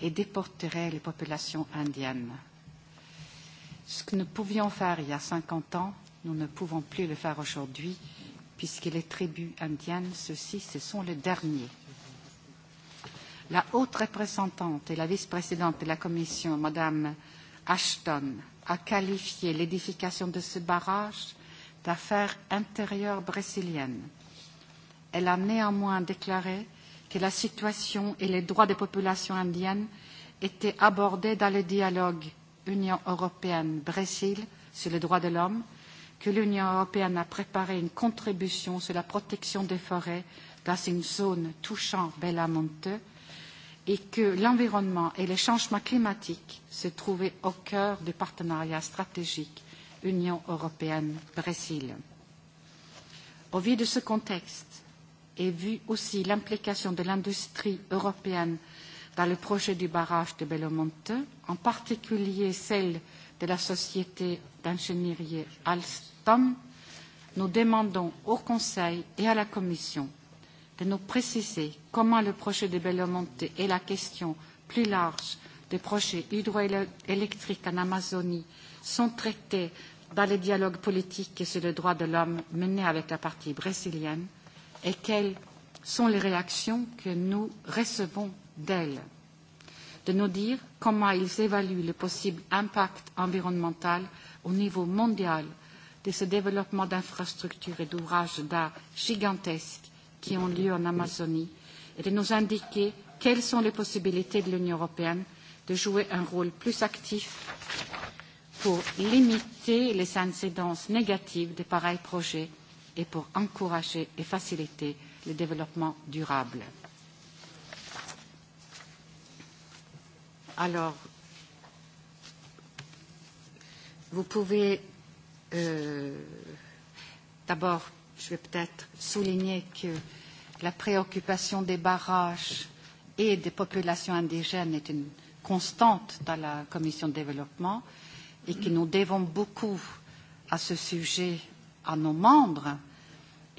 et déporterait les populations indiennes. Ce que nous pouvions faire il y a 50 ans, nous ne pouvons plus le faire aujourd'hui, puisque les tribus indiennes, ceux-ci, ce sont les derniers. La haute représentante et la vice-présidente de la Commission, Madame Ashton, a qualifié l'édification de ce barrage d'affaire intérieure brésilienne. Elle a néanmoins déclaré que la situation et les droits des populations indiennes étaient abordés dans le dialogue Union européenne-Brésil sur les droits de l'homme, que l'Union européenne a préparé une contribution sur la protection des forêts dans une zone touchant Belamonte et que l'environnement et les changements climatiques se trouvaient au cœur du partenariat stratégique Union européenne-Brésil. Au vu de ce contexte, et vu aussi l'implication de l'industrie européenne dans le projet du barrage de Bellemonte, en particulier celle de la société d'ingénierie Alstom, nous demandons au Conseil et à la Commission de nous préciser comment le projet de Bellemonte et la question plus large des projets hydroélectriques en Amazonie sont traités dans le dialogue politique sur les droits de l'homme mené avec la partie brésilienne et quelles sont les réactions que nous recevons d'elles, de nous dire comment ils évaluent le possible impact environnemental au niveau mondial de ce développement d'infrastructures et d'ouvrages d'art gigantesques qui ont lieu en Amazonie et de nous indiquer quelles sont les possibilités de l'Union européenne de jouer un rôle plus actif pour limiter les incidences négatives des pareils projets et pour encourager et faciliter le développement durable. Alors, vous pouvez euh, d'abord, je vais peut-être souligner que la préoccupation des barrages et des populations indigènes est une constante dans la commission de développement et que nous devons beaucoup à ce sujet à nos membres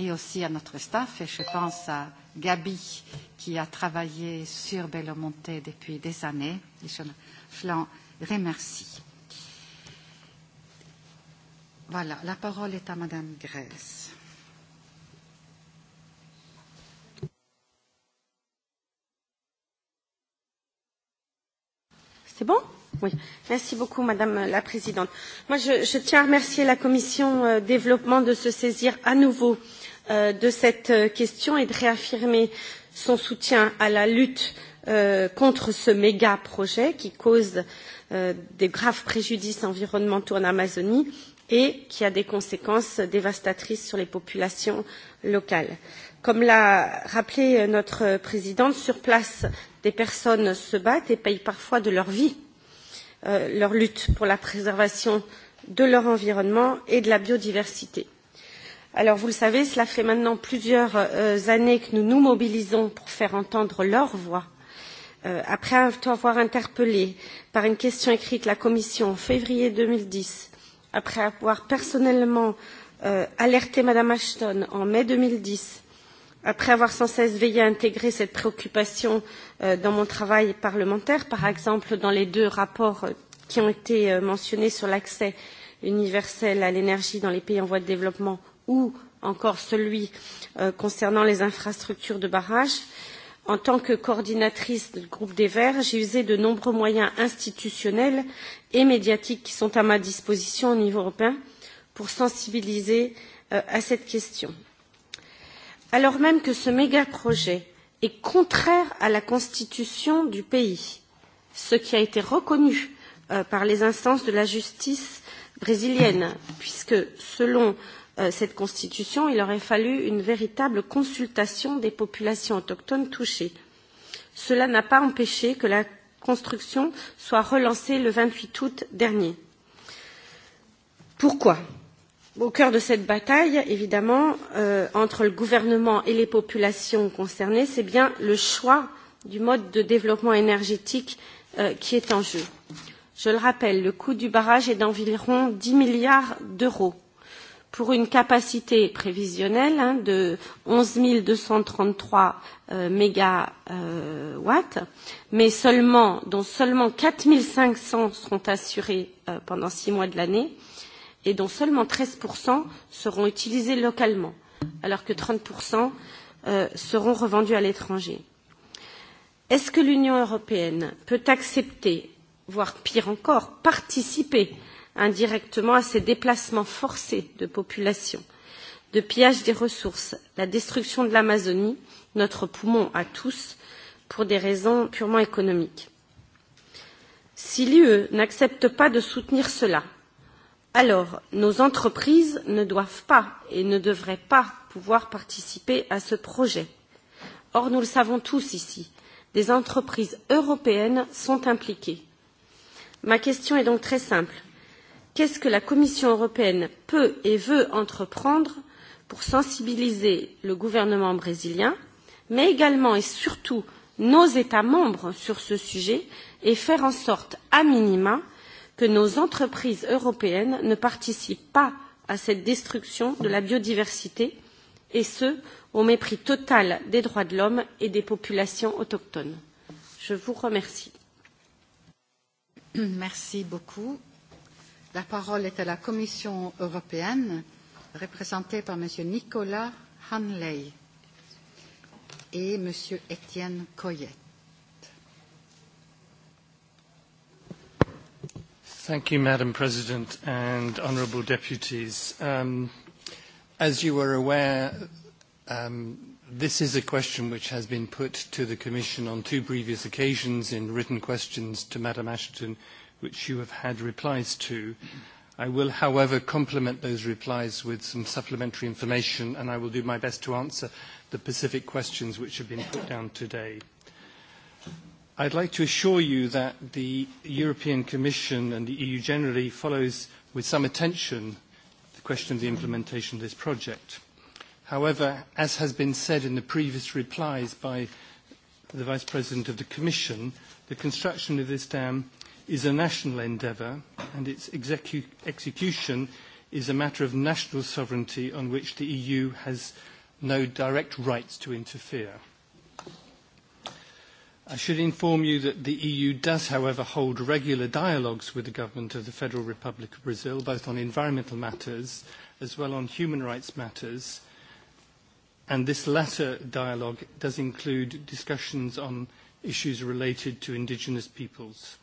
et aussi à notre staff. Et je pense à Gabi qui a travaillé sur Belomonte depuis des années. Et je l'en remercie. Voilà, la parole est à Madame Grèce. C'est bon Oui. Merci beaucoup, Madame la Présidente. Moi, je, je tiens à remercier la Commission euh, développement de se saisir à nouveau euh, de cette question et de réaffirmer son soutien à la lutte contre ce méga projet qui cause de graves préjudices environnementaux en Amazonie et qui a des conséquences dévastatrices sur les populations locales. Comme l'a rappelé notre présidente, sur place, des personnes se battent et payent parfois de leur vie leur lutte pour la préservation de leur environnement et de la biodiversité Alors, vous le savez, cela fait maintenant plusieurs euh, années que nous nous mobilisons pour faire entendre leur voix. Euh, après avoir interpellé par une question écrite la Commission en février 2010, après avoir personnellement euh, alerté Madame Ashton en mai 2010, après avoir sans cesse veillé à intégrer cette préoccupation euh, dans mon travail parlementaire, par exemple dans les deux rapports qui ont été mentionnés sur l'accès universel à l'énergie dans les pays en voie de développement ou encore celui concernant les infrastructures de barrage. En tant que coordinatrice du groupe des Verts, j'ai usé de nombreux moyens institutionnels et médiatiques qui sont à ma disposition au niveau européen pour sensibiliser à cette question. Alors même que ce méga projet est contraire à la constitution du pays, ce qui a été reconnu par les instances de la justice brésilienne, puisque selon euh, cette constitution, il aurait fallu une véritable consultation des populations autochtones touchées. Cela n'a pas empêché que la construction soit relancée le 28 août dernier. Pourquoi Au cœur de cette bataille, évidemment, euh, entre le gouvernement et les populations concernées, c'est bien le choix du mode de développement énergétique euh, qui est en jeu. Je le rappelle, le coût du barrage est d'environ 10 milliards d'euros pour une capacité prévisionnelle hein, de 11 233 euh, mégawatts, mais seulement, dont seulement 4 500 seront assurés euh, pendant six mois de l'année et dont seulement 13% seront utilisés localement, alors que 30% euh, seront revendus à l'étranger. Est-ce que l'Union européenne peut accepter, voire pire encore, participer indirectement à ces déplacements forcés de populations, de pillage des ressources, la destruction de l'Amazonie, notre poumon à tous, pour des raisons purement économiques. Si l'UE n'accepte pas de soutenir cela, alors nos entreprises ne doivent pas et ne devraient pas pouvoir participer à ce projet. Or, nous le savons tous ici, des entreprises européennes sont impliquées. Ma question est donc très simple qu'est-ce que la Commission européenne peut et veut entreprendre pour sensibiliser le gouvernement brésilien, mais également et surtout nos États membres sur ce sujet et faire en sorte, à minima, que nos entreprises européennes ne participent pas à cette destruction de la biodiversité, et ce, au mépris total des droits de l'homme et des populations autochtones. Je vous remercie. Merci beaucoup. La parole est à la Commission européenne, représentée par M. Nicolas Hanley et M. Étienne Coyet. Thank you, Madam President and honourable deputies. Um, as you are aware, um, this is a question which has been put to the Commission on two previous occasions in written questions to Madam Ashton which you have had replies to. I will, however, complement those replies with some supplementary information, and I will do my best to answer the specific questions which have been put down today. I'd like to assure you that the European Commission and the EU generally follows with some attention the question of the implementation of this project. However, as has been said in the previous replies by the Vice President of the Commission, the construction of this dam is a national endeavour and its execu- execution is a matter of national sovereignty on which the EU has no direct rights to interfere. I should inform you that the EU does, however, hold regular dialogues with the government of the Federal Republic of Brazil, both on environmental matters as well on human rights matters. And this latter dialogue does include discussions on issues related to indigenous peoples.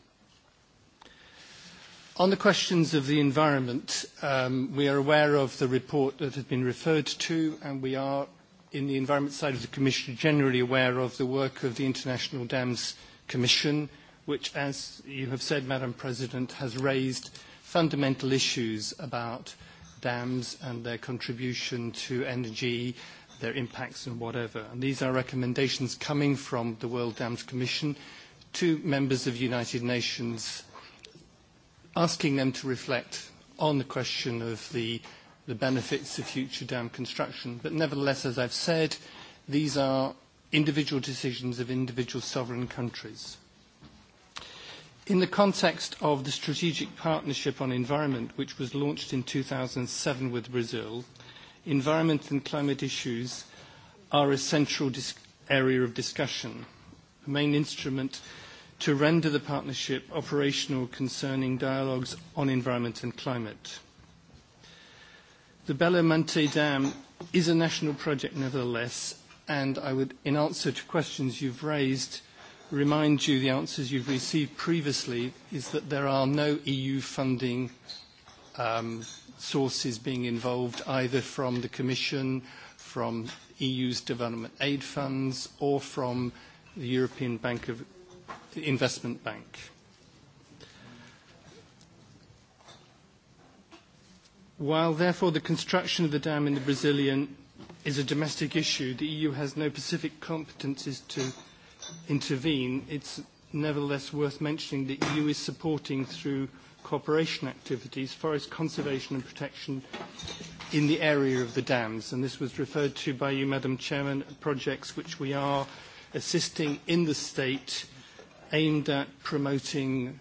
On the questions of the environment, um, we are aware of the report that has been referred to, and we are, in the environment side of the Commission, generally aware of the work of the International Dams Commission, which, as you have said, Madam President, has raised fundamental issues about dams and their contribution to energy, their impacts and whatever. And these are recommendations coming from the World Dams Commission to members of United Nations asking them to reflect on the question of the, the benefits of future dam construction. But nevertheless, as I've said, these are individual decisions of individual sovereign countries. In the context of the Strategic Partnership on Environment, which was launched in 2007 with Brazil, environment and climate issues are a central area of discussion. The main instrument to render the partnership operational concerning dialogues on environment and climate. The Belo Monte Dam is a national project nevertheless, and I would, in answer to questions you've raised, remind you the answers you've received previously is that there are no EU funding um, sources being involved either from the Commission, from EU's development aid funds, or from the European Bank of the investment bank. While therefore the construction of the dam in the Brazilian is a domestic issue, the EU has no specific competences to intervene. It's nevertheless worth mentioning that the EU is supporting through cooperation activities, forest conservation and protection in the area of the dams. And this was referred to by you, Madam Chairman, projects which we are assisting in the state aimed at promoting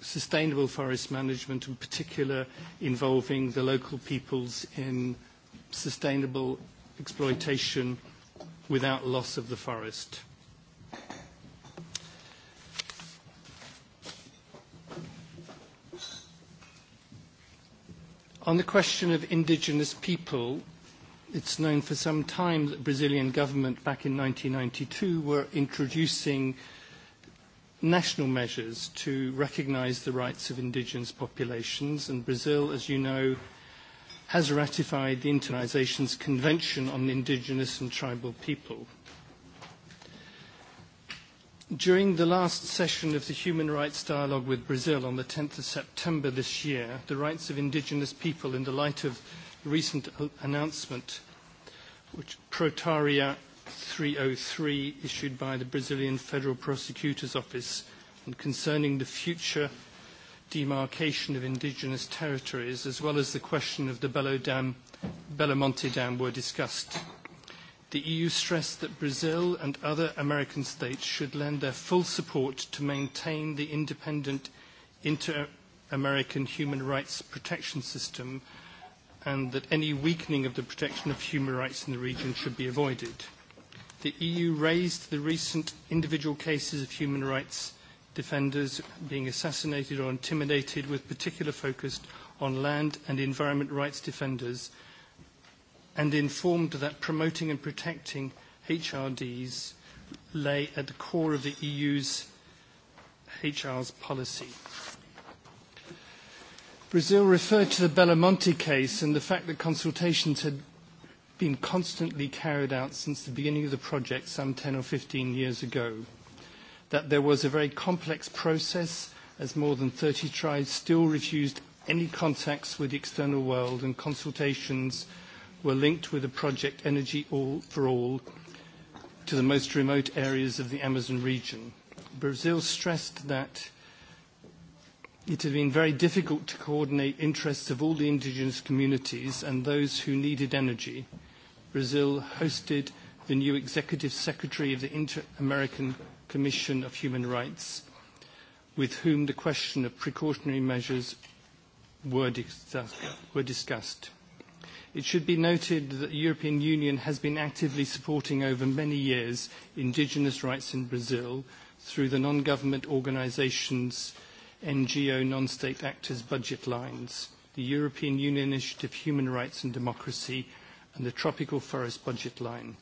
sustainable forest management, in particular involving the local peoples in sustainable exploitation without loss of the forest. On the question of indigenous people, it's known for some time that the Brazilian government back in 1992 were introducing national measures to recognise the rights of indigenous populations. And Brazil, as you know, has ratified the Internation's Convention on Indigenous and Tribal People. During the last session of the Human Rights Dialogue with Brazil on the 10th of September this year, the rights of indigenous people in the light of the recent announcement which Protaria 303 issued by the Brazilian Federal Prosecutor's Office and concerning the future demarcation of indigenous territories, as well as the question of the Belo Dam, Belo Monte Dam, were discussed. The EU stressed that Brazil and other American states should lend their full support to maintain the independent inter-American human rights protection system and that any weakening of the protection of human rights in the region should be avoided the EU raised the recent individual cases of human rights defenders being assassinated or intimidated with particular focus on land and environment rights defenders and informed that promoting and protecting HRDs lay at the core of the EU's HR's policy. Brazil referred to the Belamonte case and the fact that consultations had been constantly carried out since the beginning of the project some 10 or 15 years ago. That there was a very complex process as more than 30 tribes still refused any contacts with the external world and consultations were linked with the project Energy all for All to the most remote areas of the Amazon region. Brazil stressed that it had been very difficult to coordinate interests of all the indigenous communities and those who needed energy – Brazil hosted the new Executive Secretary of the Inter-American Commission of Human Rights, with whom the question of precautionary measures were, discussed. It should be noted that the European Union has been actively supporting over many years indigenous rights in Brazil through the non-government organisations, NGO, non-state actors budget lines, the European Union Initiative Human Rights and Democracy, and the Tropical Forest Budget Line.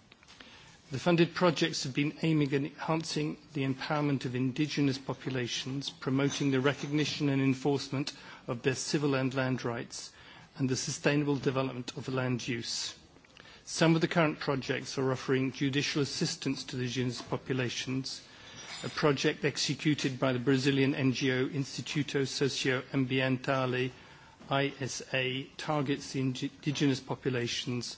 The funded projects have been aiming at enhancing the empowerment of indigenous populations, promoting the recognition and enforcement of their civil and land rights, and the sustainable development of land use. Some of the current projects are offering judicial assistance to the indigenous populations, a project executed by the Brazilian NGO Instituto Socioambiental ISA targets the indigenous populations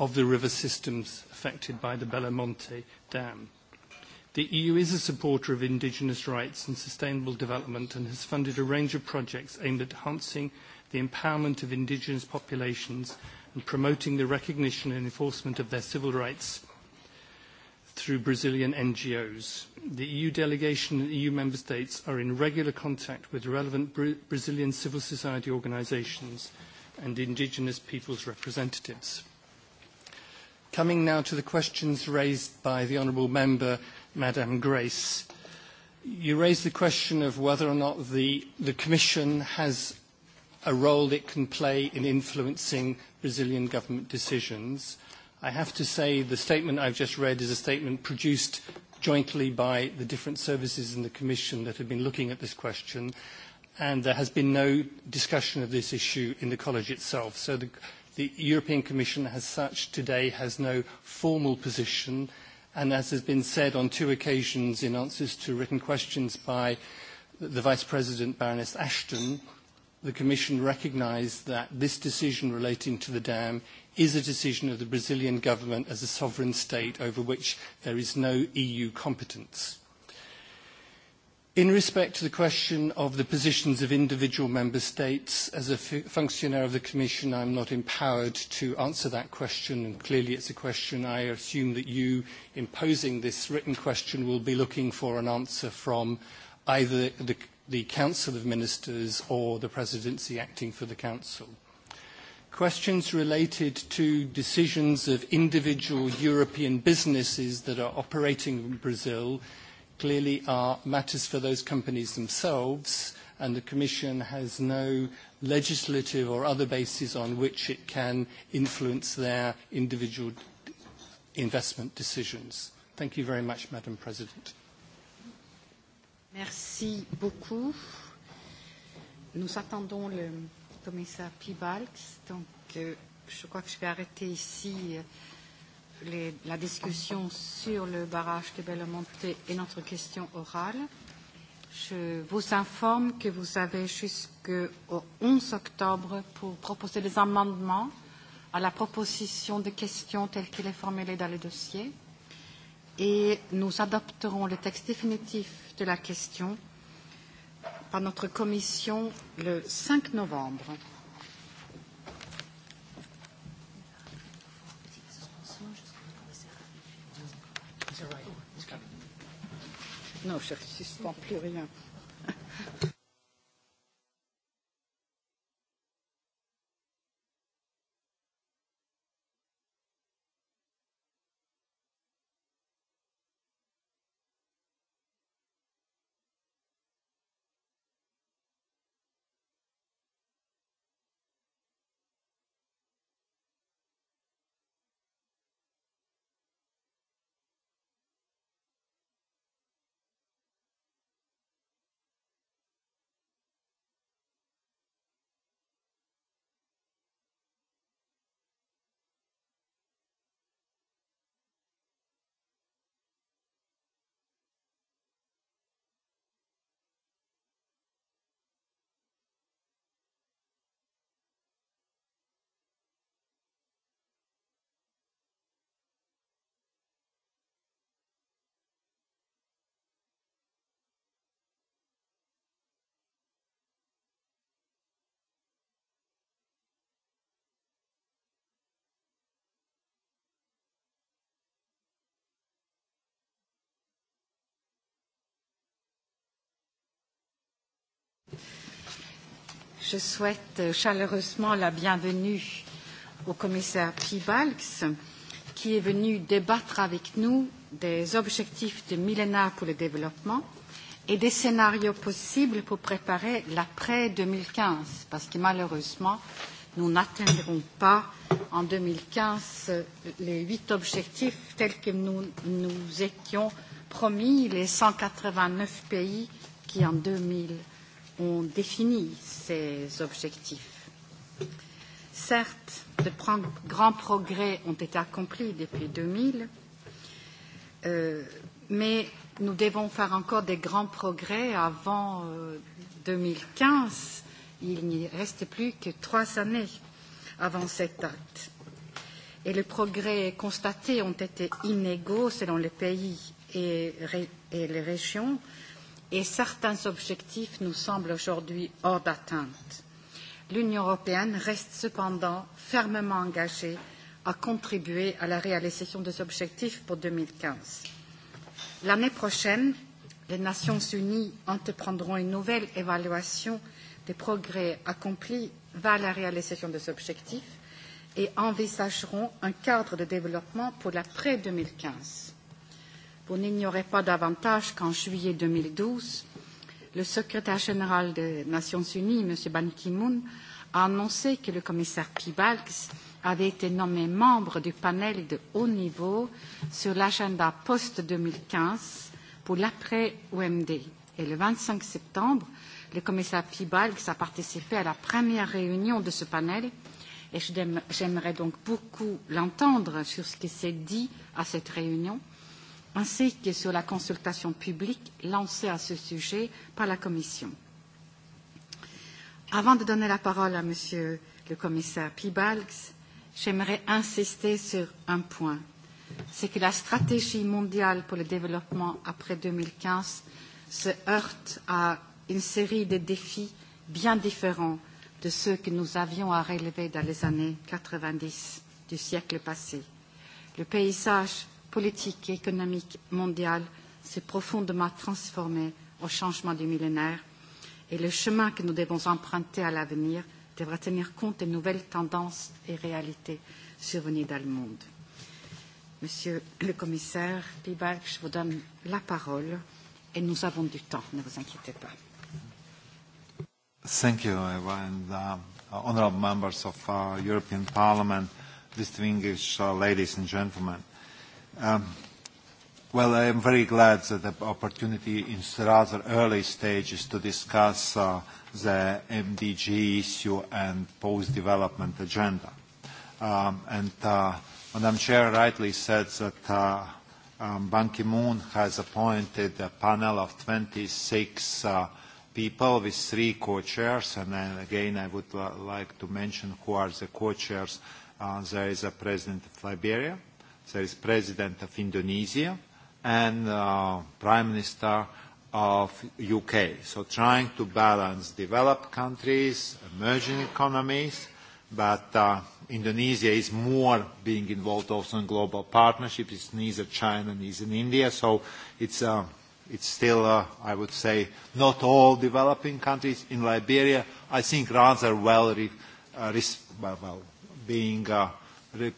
of the river systems affected by the Belamonte Dam. The EU is a supporter of indigenous rights and sustainable development and has funded a range of projects aimed at enhancing the empowerment of indigenous populations and promoting the recognition and enforcement of their civil rights through Brazilian NGOs. The EU delegation and EU member states are in regular contact with relevant Brazilian civil society organisations and indigenous peoples' representatives. Coming now to the questions raised by the Honourable Member, Madame Grace. You raised the question of whether or not the, the Commission has a role it can play in influencing Brazilian government decisions I have to say the statement I've just read is a statement produced jointly by the different services in the Commission that have been looking at this question, and there has been no discussion of this issue in the College itself. So the, the European Commission as such today has no formal position, and as has been said on two occasions in answers to written questions by the Vice President, Baroness Ashton, the Commission recognised that this decision relating to the dam is a decision of the Brazilian government as a sovereign state over which there is no EU competence. In respect to the question of the positions of individual member states, as a functionary of the Commission, I'm not empowered to answer that question, and clearly it's a question I assume that you, imposing this written question, will be looking for an answer from either the the Council of Ministers or the Presidency acting for the Council. Questions related to decisions of individual European businesses that are operating in Brazil clearly are matters for those companies themselves, and the Commission has no legislative or other basis on which it can influence their individual investment decisions. Thank you very much, Madam President. Merci beaucoup. Nous attendons le commissaire Pibalks, donc euh, je crois que je vais arrêter ici les, la discussion sur le barrage de Bellemonte et notre question orale. Je vous informe que vous avez jusqu'au 11 octobre pour proposer des amendements à la proposition de questions telle qu'elle est formulée dans le dossier et nous adopterons le texte définitif de la question par notre commission le 5 novembre. Non, je ne suspends plus rien. je souhaite chaleureusement la bienvenue au commissaire Piebalgs, qui est venu débattre avec nous des objectifs de millénaire pour le développement et des scénarios possibles pour préparer l'après 2015, parce que malheureusement, nous n'atteindrons pas en 2015 les huit objectifs tels que nous nous étions promis, les 189 pays qui en 2000 on définit ces objectifs. Certes, de grands progrès ont été accomplis depuis 2000, euh, mais nous devons faire encore des grands progrès avant euh, 2015. Il n'y reste plus que trois années avant cette date. Et les progrès constatés ont été inégaux selon les pays et, et les régions, euh, et certains objectifs nous semblent aujourd'hui hors d'atteinte. L'Union européenne reste cependant fermement engagée à contribuer à la réalisation des objectifs pour 2015. L'année prochaine, les Nations unies entreprendront une nouvelle évaluation des progrès accomplis vers la réalisation des objectifs et envisageront un cadre de développement pour l'après 2015. Vous n'ignorez pas davantage qu'en juillet 2012, le secrétaire général des Nations Unies, M. Ban Ki-moon, a annoncé que le commissaire Piebalgs avait été nommé membre du panel de haut niveau sur l'agenda post-2015 pour l'après-OMD. Et le 25 septembre, le commissaire Piebalgs a participé à la première réunion de ce panel et j'aimerais donc beaucoup l'entendre sur ce qui s'est dit à cette réunion – ainsi que sur la consultation publique lancée à ce sujet par la Commission. Avant de donner la parole à Monsieur le commissaire Piebalgs, j'aimerais insister sur un point. C'est que la stratégie mondiale pour le développement après deux mille quinze se heurte à une série de défis bien différents de ceux que nous avions à relever dans les années quatre-vingt-dix du siècle passé. Le paysage politique et économique mondiale s'est profondément transformée au changement du millénaire et le chemin que nous devons emprunter à l'avenir devra tenir compte des nouvelles tendances et réalités survenues dans le monde. Monsieur le commissaire Piebalgs, je vous donne la parole et nous avons du temps, ne vous inquiétez pas. Thank you, Eva, and uh, honorable members of uh, European Parliament, distinguished uh, ladies and gentlemen. Um, well, I am very glad that the opportunity in rather early stages to discuss uh, the MDG issue and post-development agenda. Um, and uh, Madam Chair rightly said that uh, um, Ban Ki-moon has appointed a panel of 26 uh, people with three co-chairs, and then again I would like to mention who are the co-chairs. Uh, there is a president of Liberia, There is President of Indonesia and uh, Prime Minister of UK. So trying to balance developed countries, emerging economies, but uh, Indonesia is more being involved also in global partnership. It's neither China, neither India. So it's, uh, it's still, uh, I would say, not all developing countries. In Liberia, I think rather well, re- uh, well, well being uh, re-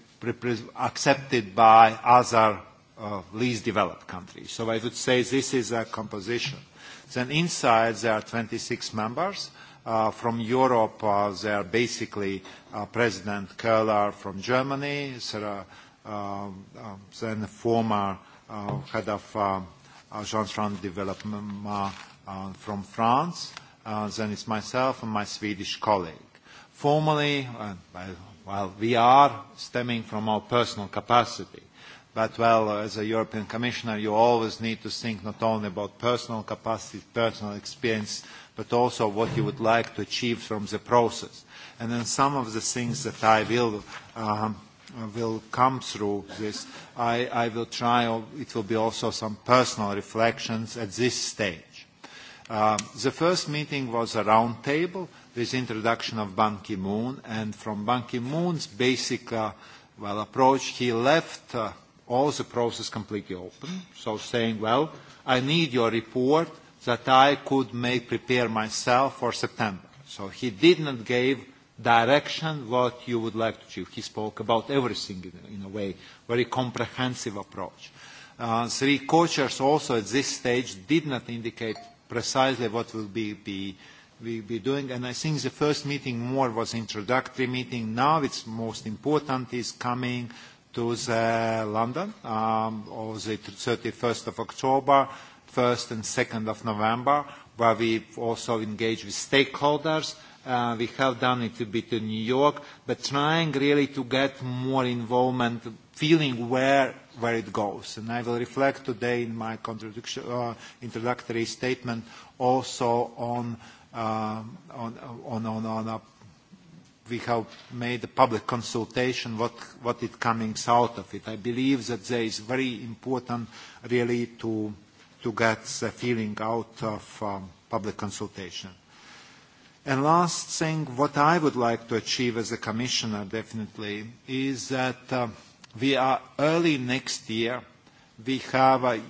accepted by other uh, least developed countries. So I would say this is a composition. Then inside there are 26 members. Uh, from Europe, uh, there are basically uh, President Köhler from Germany, Sarah, um, um, then former uh, head of um, Agence France Development uh, from France, uh, then it's myself and my Swedish colleague. Formally, uh, Well, we are stemming from our personal capacity. But, well, as a European Commissioner, you always need to think not only about personal capacity, personal experience, but also what you would like to achieve from the process. And then some of the things that I will um, will come through this, I, I will try, it will be also some personal reflections at this stage. Um, the first meeting was a round table with introduction of Ban Ki-moon. And from Ban Ki-moon's basic uh, well, approach, he left uh, all the process completely open. So saying, well, I need your report that I could make prepare myself for September. So he did not give direction what you would like to achieve. He spoke about everything in a, in a way, very comprehensive approach. Uh, three co-chairs also at this stage did not indicate precisely what will be the we be doing. And I think the first meeting more was introductory meeting. Now it's most important is coming to the London um, on the 31st of October, 1st and 2nd of November, where we also engage with stakeholders. Uh, we have done it a bit in New York, but trying really to get more involvement, feeling where where it goes. And I will reflect today in my uh, introductory statement also on on, on, on, on a, we have made a public consultation what, what it coming out of it. I believe that there is very important really to, to get the feeling out of um, public consultation. And last thing, what I would like to achieve as a commissioner definitely is that uh, we are early next year, we have a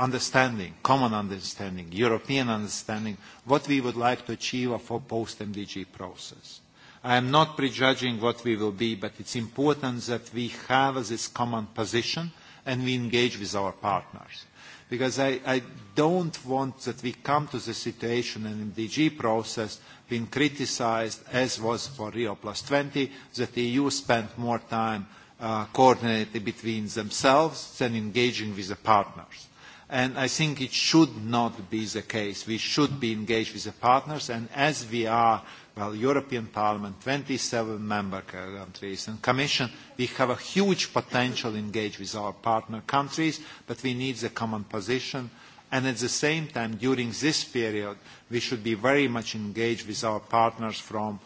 understanding, common understanding, European understanding, what we would like to achieve of a post-MDG process. I am not prejudging what we will be, but it's important that we have this common position and we engage with our partners. Because I, I don't want that we come to the situation in the MDG process being criticized, as was for Rio Plus 20, that the EU spent more time uh, coordinating between themselves than engaging with the partners and I think it should not be the case. We should be engaged with the partners, and as we are, well, European Parliament, 27 member countries and Commission, we have a huge potential engage with our partner countries, but we need the common position. And at the same time, during this period, we should be very much engaged with our partners from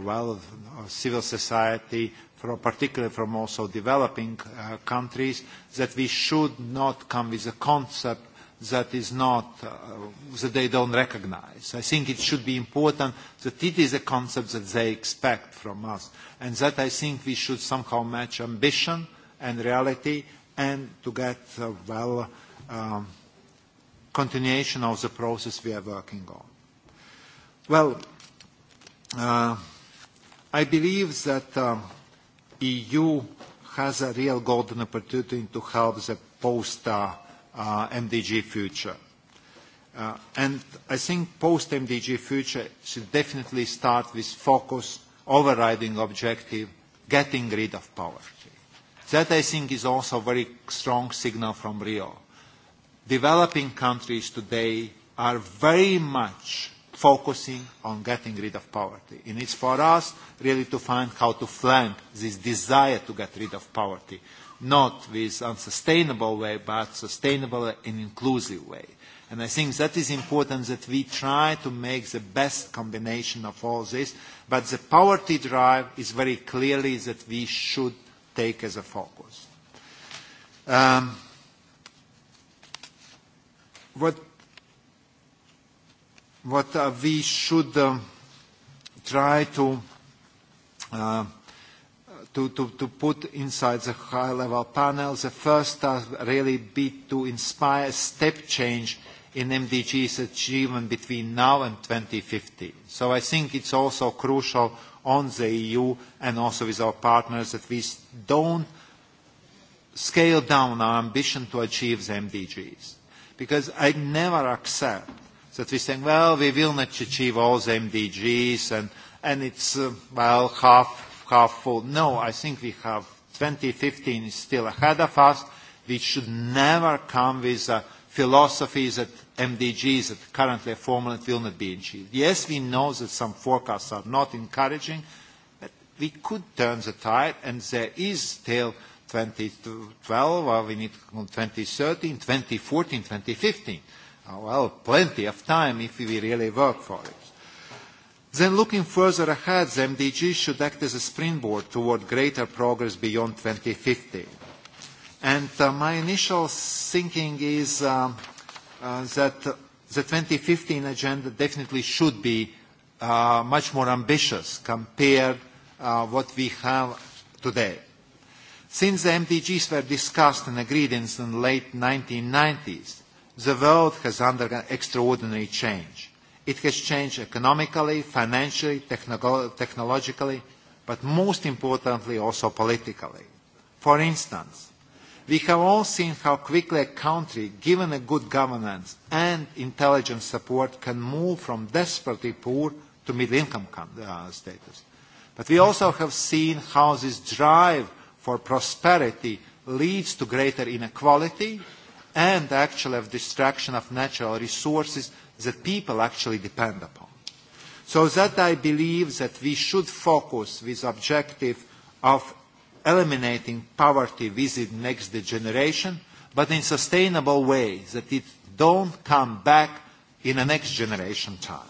well of civil society, from, particularly from also developing uh, countries, that we should not come with a concept that is not, uh, that they don't recognize. I think it should be important that it is a concept that they expect from us. And that I think we should somehow match ambition and reality and to get, uh, well, um, continuation of the process we are working on. Well, uh, I believe that the EU has a real golden opportunity to help the post-MDG future. and I think post-MDG future should definitely start with focus, overriding objective, getting rid of poverty. That, I think, is also a very strong signal from Rio. Developing countries today are very much focusing on getting rid of poverty. And it's for us really to find how to flank this desire to get rid of poverty, not with unsustainable way, but sustainable and inclusive way. And I think that is important that we try to make the best combination of all this, but the poverty drive is very clearly that we should take as a focus. Um, what what uh, we should um, try to, uh, to, to, to put inside the high-level panel. The first task really be to inspire a step change in MDGs achievement between now and 2050. So I think it's also crucial on the EU and also with our partners that we don't scale down our ambition to achieve the MDGs. Because I never accept that we think, well, we will not achieve all the MDGs and, and it's, uh, well, half, half full. No, I think we have 2015 is still ahead of us. We should never come with a philosophy that MDGs that currently are formulated will not be achieved. Yes, we know that some forecasts are not encouraging, but we could turn the tide and there is still 2012 or we need 2013, 2014, 2015 well, plenty of time if we really work for it. Then looking further ahead, the MDGs should act as a springboard toward greater progress beyond 2050. And uh, my initial thinking is um, uh, that the 2015 agenda definitely should be uh, much more ambitious compared uh, what we have today. Since the MDGs were discussed and agreed in the late 1990s, the world has undergone extraordinary change. It has changed economically, financially, technologically, but most importantly also politically. For instance, we have all seen how quickly a country, given a good governance and intelligence support, can move from desperately poor to middle-income uh, status. But we also have seen how this drive for prosperity leads to greater inequality and actually of destruction of natural resources that people actually depend upon. So that I believe that we should focus with objective of eliminating poverty within next generation, but in sustainable way that it don't come back in the next generation time.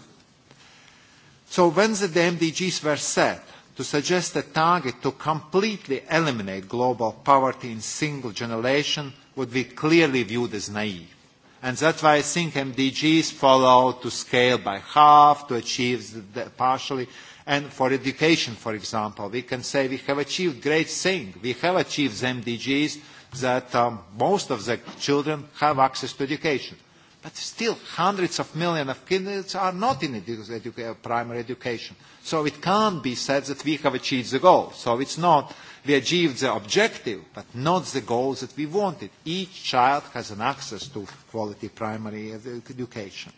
So when the MDGs were set, to suggest a target to completely eliminate global poverty in single generation would be clearly viewed as naive. And that's why I think MDGs follow to scale by half, to achieve partially. And for education, for example, we can say we have achieved great things. We have achieved the MDGs that um, most of the children have access to education. But still, hundreds of millions of kids are not in edu- primary education. So it can't be said that we have achieved the goal. So it's not We achieved the objective, but not the goals that we wanted. Each child has an access to quality primary education.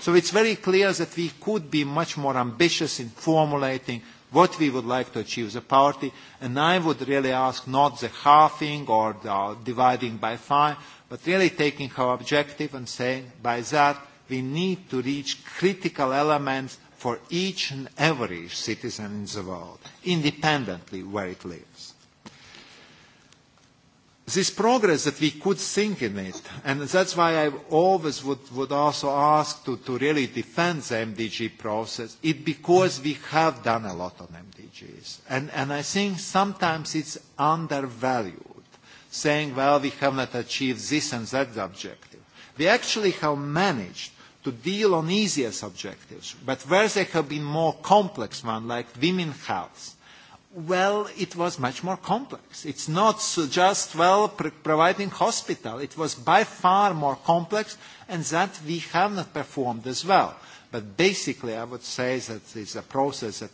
So it's very clear that we could be much more ambitious in formulating what we would like to achieve as a party, and I would really ask not the halving or the dividing by five, but really taking our objective and saying by that we need to reach critical elements for each and every citizen in the world, independently where it lives this progress that we could think in it, and that's why I always would, would also ask to, to really defend the MDG process, it because we have done a lot on MDGs. And, and I think sometimes it's undervalued, saying, well, we have not achieved this and that objective. We actually have managed to deal on easier objectives, but where there have been more complex ones, like women's health, well, it was much more complex. It's not so just, well, pr- providing hospital. It was by far more complex, and that we have not performed as well. But basically, I would say that it's a process that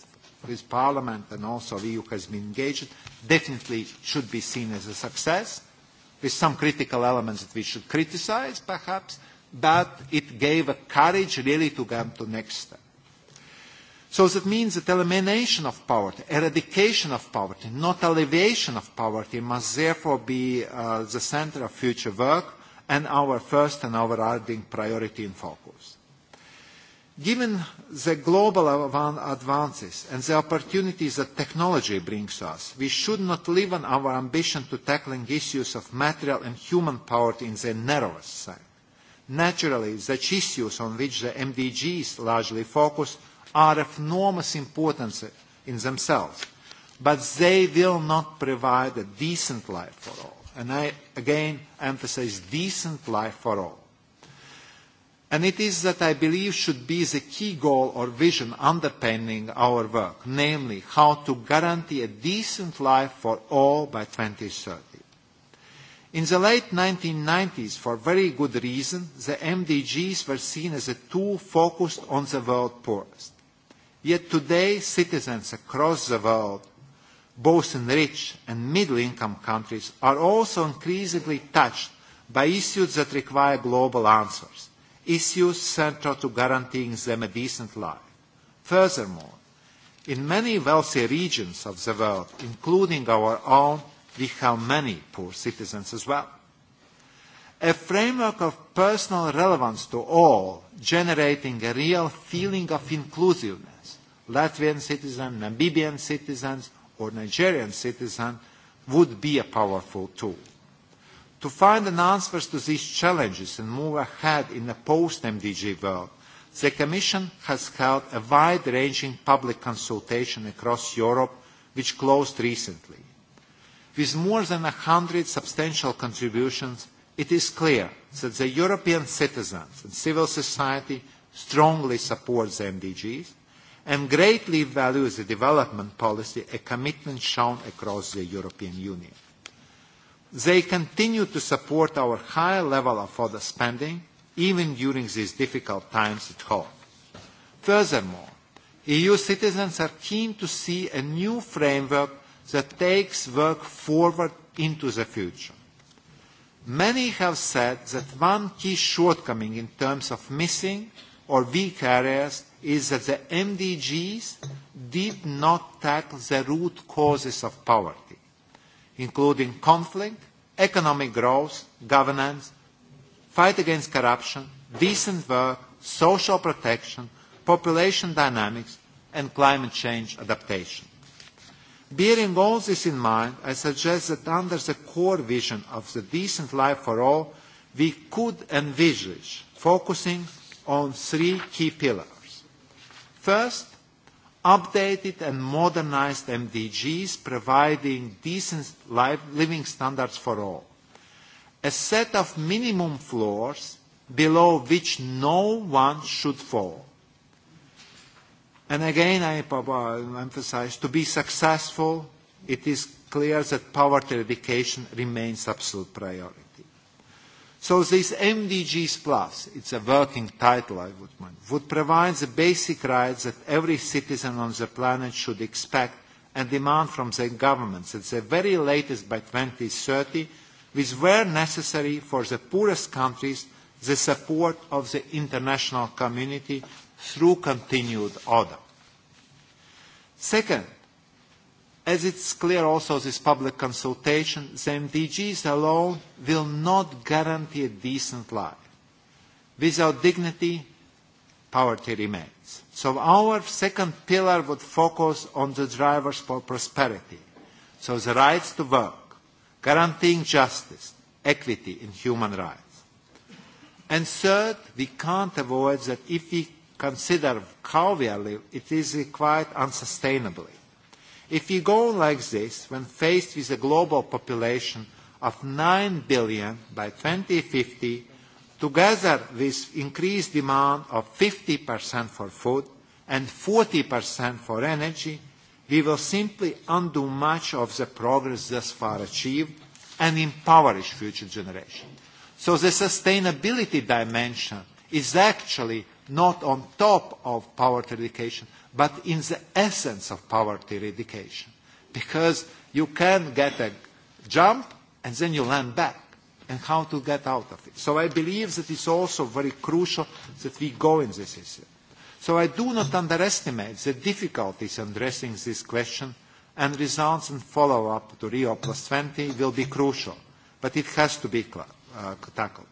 with Parliament and also the EU has been engaged, definitely should be seen as a success, with some critical elements that we should criticize, perhaps, but it gave a courage really to come to next step. So that means that elimination of poverty, eradication of poverty, not alleviation of poverty, must therefore be uh, the center of future work and our first and overriding priority and focus. Given the global advances and the opportunities that technology brings us, we should not live on our ambition to tackling issues of material and human poverty in the narrowest sense. Naturally, such issues on which the MDGs largely focus are of enormous importance in themselves, but they will not provide a decent life for all. And I again emphasize decent life for all. And it is that I believe should be the key goal or vision underpinning our work, namely how to guarantee a decent life for all by 2030. In the late 1990s, for very good reason, the MDGs were seen as a tool focused on the world poorest. Yet today, citizens across the world, both in rich and middle-income countries, are also increasingly touched by issues that require global answers, issues central to guaranteeing them a decent life. Furthermore, in many wealthy regions of the world, including our own, we have many poor citizens as well. A framework of personal relevance to all, generating a real feeling of inclusiveness Latvian citizens, Namibian citizens, or Nigerian citizens would be a powerful tool. To find an answers to these challenges and move ahead in a post-MDG world, the Commission has held a wide-ranging public consultation across Europe, which closed recently. With more than a hundred substantial contributions, it is clear that the European citizens and civil society strongly support the MDGs and greatly value the development policy, a commitment shown across the European Union. They continue to support our high level of further spending, even during these difficult times at home. Furthermore, EU citizens are keen to see a new framework that takes work forward into the future. Many have said that one key shortcoming in terms of missing or weak areas is that the MDGs did not tackle the root causes of poverty, including conflict, economic growth, governance, fight against corruption, decent work, social protection, population dynamics, and climate change adaptation. Bearing all this in mind, I suggest that under the core vision of the decent life for all, we could envisage focusing on three key pillars First, updated and modernized MDGs providing decent life, living standards for all. A set of minimum floors below which no one should fall. And again, I emphasize, to be successful, it is clear that poverty eradication remains absolute priority. So this MDGs Plus, it's a working title I would mind, would provide the basic rights that every citizen on the planet should expect and demand from their governments at the very latest by 2030, with where necessary for the poorest countries the support of the international community through continued order. Second, As it's clear also this public consultation, the MDGs alone will not guarantee a decent life. Without dignity, poverty remains. So our second pillar would focus on the drivers for prosperity. So the rights to work, guaranteeing justice, equity and human rights. And third, we can't avoid that if we consider how we are live, it is quite unsustainably If we go on like this, when faced with a global population of 9 billion by 2050, together with increased demand of 50% for food and 40% for energy, we will simply undo much of the progress thus far achieved and impoverish future generations. So the sustainability dimension is actually not on top of poverty eradication, but in the essence of poverty eradication. Because you can get a jump and then you land back and how to get out of it. So I believe that it's also very crucial that we go in this issue. So I do not underestimate the difficulties in addressing this question and results and follow-up to Rio plus 20 will be crucial, but it has to be uh, tackled.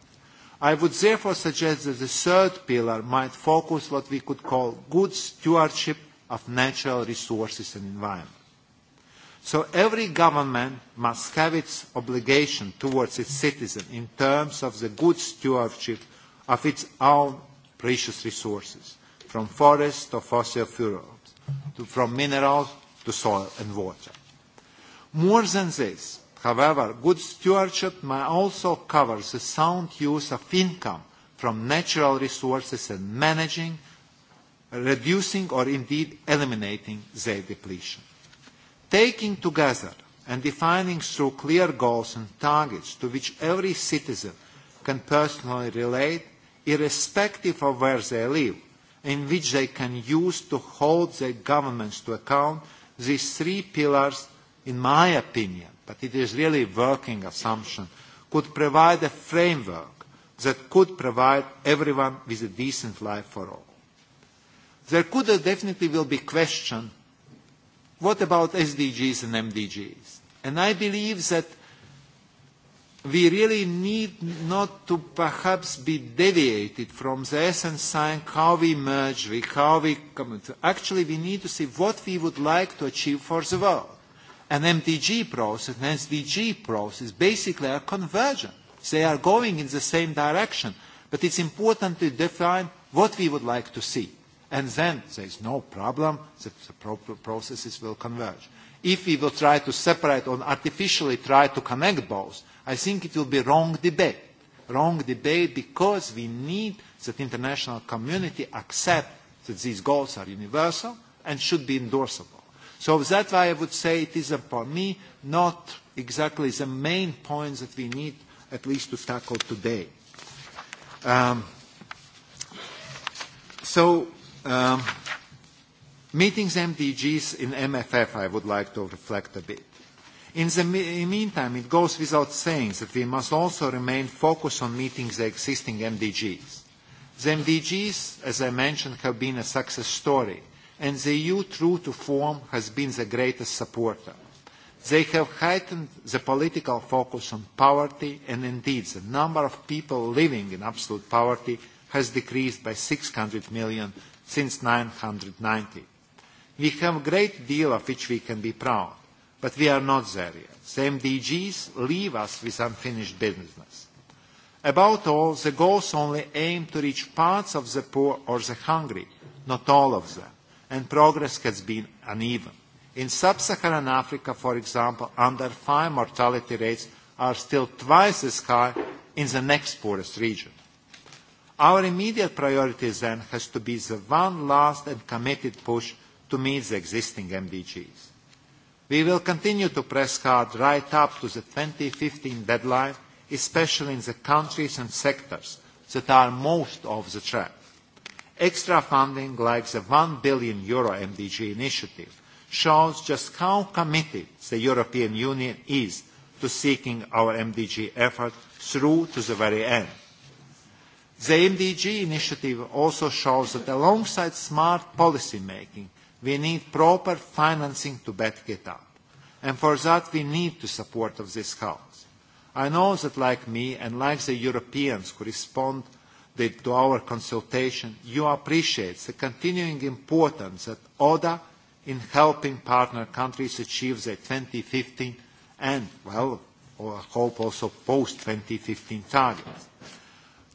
I would therefore suggest that the third pillar might focus what we could call good stewardship of natural resources and environment. So every government must have its obligation towards its citizens in terms of the good stewardship of its own precious resources, from forests to fossil fuels, to, from minerals to soil and water. More than this, However, good stewardship may also cover the sound use of income from natural resources and managing, reducing or indeed eliminating their depletion. Taking together and defining through clear goals and targets to which every citizen can personally relate, irrespective of where they live, and which they can use to hold their governments to account, these three pillars, in my opinion, but it is really a working assumption, could provide a framework that could provide everyone with a decent life for all. There could definitely will be question, what about SDGs and MDGs? And I believe that we really need not to perhaps be deviated from the essence sign how we merge, how we come to. Actually, we need to see what we would like to achieve for the world an MDG process, an SDG process, basically are convergent. They are going in the same direction. But it's important to define what we would like to see. And then there is no problem that the processes will converge. If we will try to separate or artificially try to connect both, I think it will be wrong debate. Wrong debate because we need that international community accept that these goals are universal and should be endorsable. So that's why I would say it is, for me, not exactly the main points that we need at least to tackle today. Um, so, um, meeting the MDGs in MFF, I would like to reflect a bit. In the meantime, it goes without saying that we must also remain focused on meeting the existing MDGs. The MDGs, as I mentioned, have been a success story – and the EU true to form has been the greatest supporter. They have heightened the political focus on poverty and indeed the number of people living in absolute poverty has decreased by 600 million since ninety. We have a great deal of which we can be proud, but we are not there yet. The MDGs leave us with unfinished business. About all, the goals only aim to reach parts of the poor or the hungry, not all of them and progress has been uneven. In sub-Saharan Africa, for example, under five mortality rates are still twice as high in the next poorest region. Our immediate priority then has to be the one last and committed push to meet the existing MDGs. We will continue to press hard right up to the 2015 deadline, especially in the countries and sectors that are most off the track. Extra funding like the 1 billion euro MDG initiative shows just how committed the European Union is to seeking our MDG effort through to the very end. The MDG initiative also shows that alongside smart policy making, we need proper financing to back it up. And for that, we need the support of this House. I know that like me and like the Europeans who respond that to our consultation, you appreciate the continuing importance that ODA in helping partner countries achieve their 2015 and, well, or hope also post-2015 targets.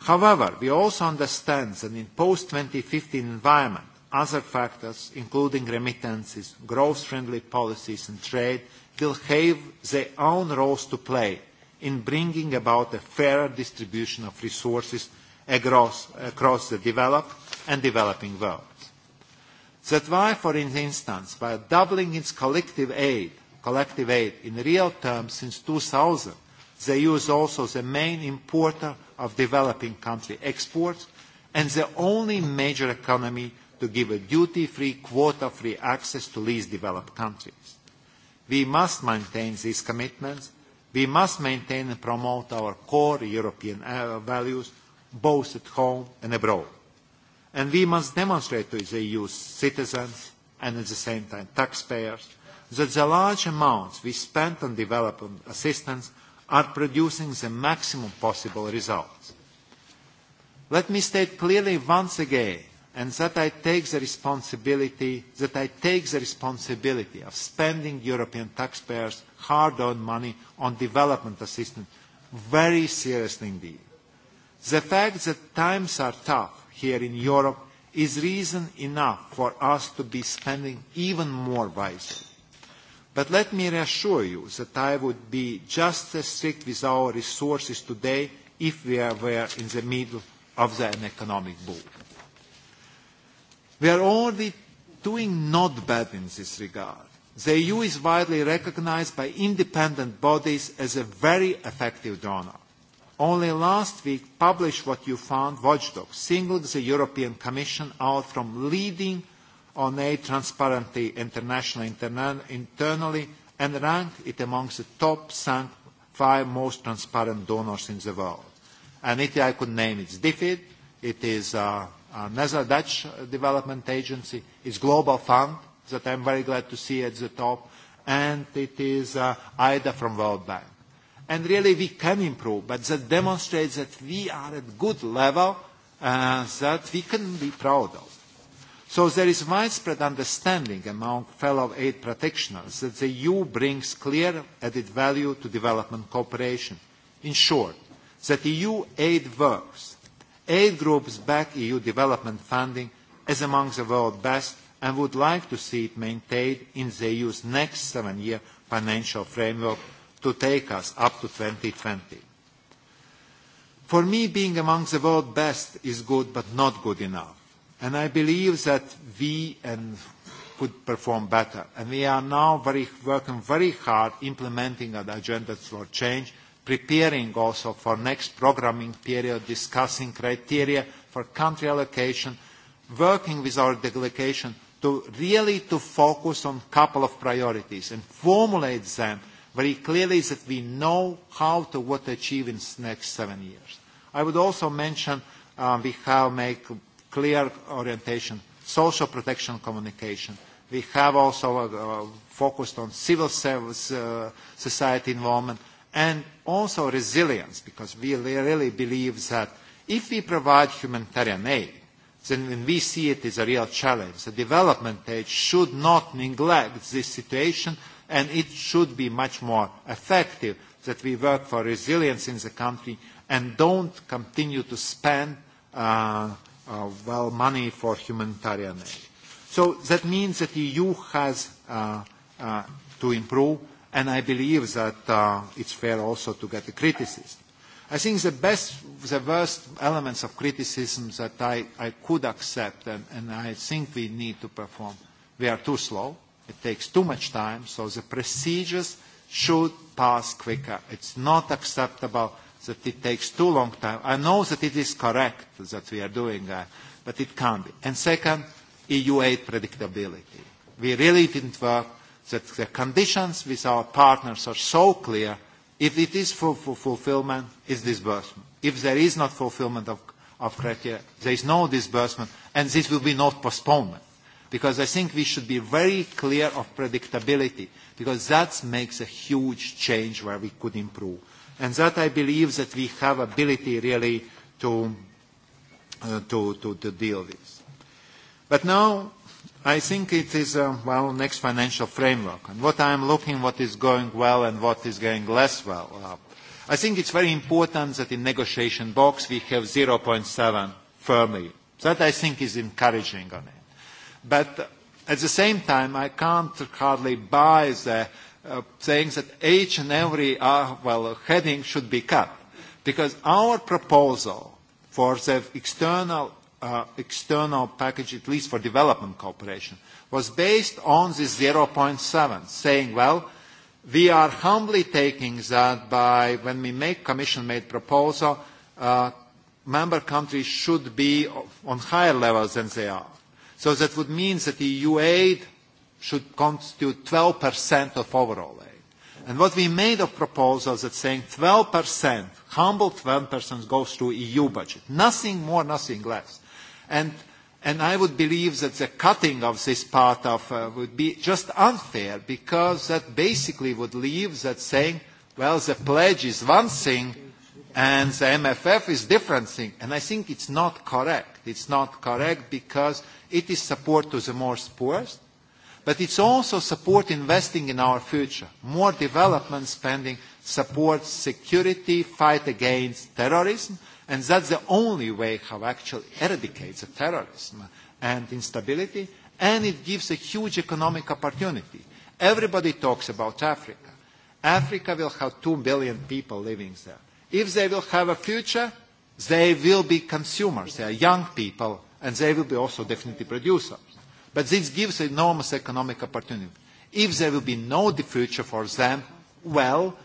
However, we also understand that in post-2015 environment, other factors, including remittances, growth-friendly policies and trade, will have their own roles to play in bringing about a fairer distribution of resources across, across the developed and developing world. That's why, for instance, by doubling its collective aid, collective aid in real terms since 2000, the EU is also the main importer of developing country exports and the only major economy to give a duty-free, quota-free access to least developed countries. We must maintain these commitments. We must maintain and promote our core European values both at home and abroad. And we must demonstrate to the EU's citizens and at the same time taxpayers that the large amounts we spend on development assistance are producing the maximum possible results. Let me state clearly once again, and that I take the responsibility, that I take the responsibility of spending European taxpayers' hard-earned money on development assistance very seriously indeed. The fact that times are tough here in Europe is reason enough for us to be spending even more wisely. But let me reassure you that I would be just as strict with our resources today if we were in the middle of an economic boom. We are already doing not bad in this regard. The EU is widely recognized by independent bodies as a very effective donor. Only last week published what you found, Watchdog singled the European Commission out from leading on aid transparency internationally internally and ranked it amongst the top five most transparent donors in the world. And it, I could name it's DFID, it is uh, Nether Dutch development agency, it's Global Fund that I'm very glad to see at the top, and it is uh, IDA from World Bank and really we can improve, but that demonstrates that we are at good level uh, that we can be proud of. So there is widespread understanding among fellow aid practitioners that the EU brings clear added value to development cooperation. In short, that EU aid works. Aid groups back EU development funding as among the world's best and would like to see it maintained in the EU's next seven-year financial framework to take us up to 2020. For me, being among the world's best is good, but not good enough. And I believe that we and could perform better. And we are now very, working very hard implementing an agenda for change, preparing also for next programming period, discussing criteria for country allocation, working with our delegation to really to focus on a couple of priorities and formulate them very clearly is that we know how to what to achieve in the next seven years. I would also mention um, we have made clear orientation, social protection communication. We have also uh, focused on civil service, uh, society involvement, and also resilience, because we really believe that if we provide humanitarian aid, then when we see it as a real challenge, the development aid should not neglect this situation and it should be much more effective that we work for resilience in the country and don't continue to spend uh, uh, well money for humanitarian aid. So that means that the EU has uh, uh, to improve, and I believe that uh, it's fair also to get the criticism. I think the best, the worst elements of criticism that I, I could accept, and, and I think we need to perform, we are too slow It takes too much time, so the procedures should pass quicker. It's not acceptable that it takes too long time. I know that it is correct that we are doing that, but it can't be. And second, EU aid predictability. We really didn't work that the conditions with our partners are so clear. If it is for, for fulfillment, it's disbursement. If there is not fulfillment of, of criteria, there is no disbursement, and this will be not postponement because I think we should be very clear of predictability, because that makes a huge change where we could improve. And that I believe that we have ability really to, uh, to, to, to deal with. But now I think it is, uh, well, next financial framework. And what I'm looking, what is going well and what is going less well. Uh, I think it's very important that in negotiation box we have 0.7 firmly. That I think is encouraging on it. But at the same time, I can't hardly buy the uh, saying that each and every uh, well heading should be cut, because our proposal for the external uh, external package, at least for development cooperation, was based on this 0.7, saying, well, we are humbly taking that by when we make commission-made proposal, uh, member countries should be on higher levels than they are. So that would mean that the EU aid should constitute 12% of overall aid. And what we made a proposal that saying 12%, humble 12% goes to EU budget. Nothing more, nothing less. And, and I would believe that the cutting of this part of uh, would be just unfair because that basically would leave that saying, well, the pledge is one thing and the MFF is different thing. And I think it's not correct correct. It's not correct because it is support to the most poorest, but it's also support investing in our future. More development spending supports security, fight against terrorism, and that's the only way how actually eradicates the terrorism and instability, and it gives a huge economic opportunity. Everybody talks about Africa. Africa will have two billion people living there. If they will have a future, They will be consumers, they are young people, and they will be also definitely producers. But this gives enormous economic opportunity. If there will be no future for them, well,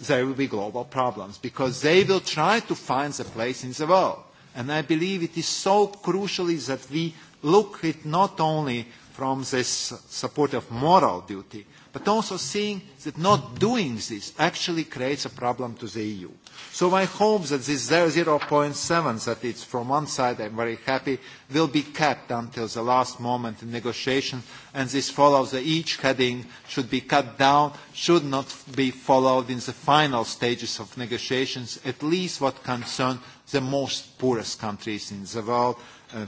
there will be global problems because they will try to find a place in the world. And I believe it is so crucial that we look at not only from this support of moral duty, but also seeing that not doing this actually creates a problem to the EU. So I hope that this 0.7, that it's from one side, I'm very happy, will be kept until the last moment in negotiation, and this follows that each heading should be cut down, should not be followed in the final stages of negotiations, at least what concerns the most poorest countries in the world,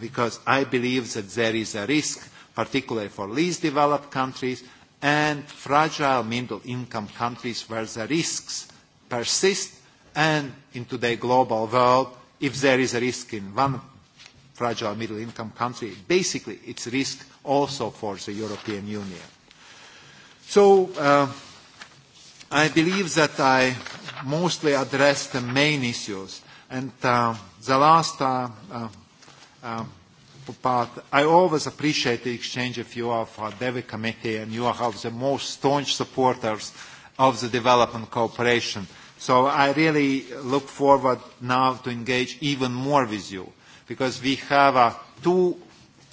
because I believe that there is a risk, particularly for least developed countries, and fragile middle-income countries where the risks persist. And in today's global world, if there is a risk in one fragile middle-income country, basically it's risk also for the European Union. So uh, I believe that I mostly addressed the main issues. And uh, the last uh, uh, but I always appreciate the exchange of you of uh, DEVI committee and you are the most staunch supporters of the development cooperation. So I really look forward now to engage even more with you because we have uh, two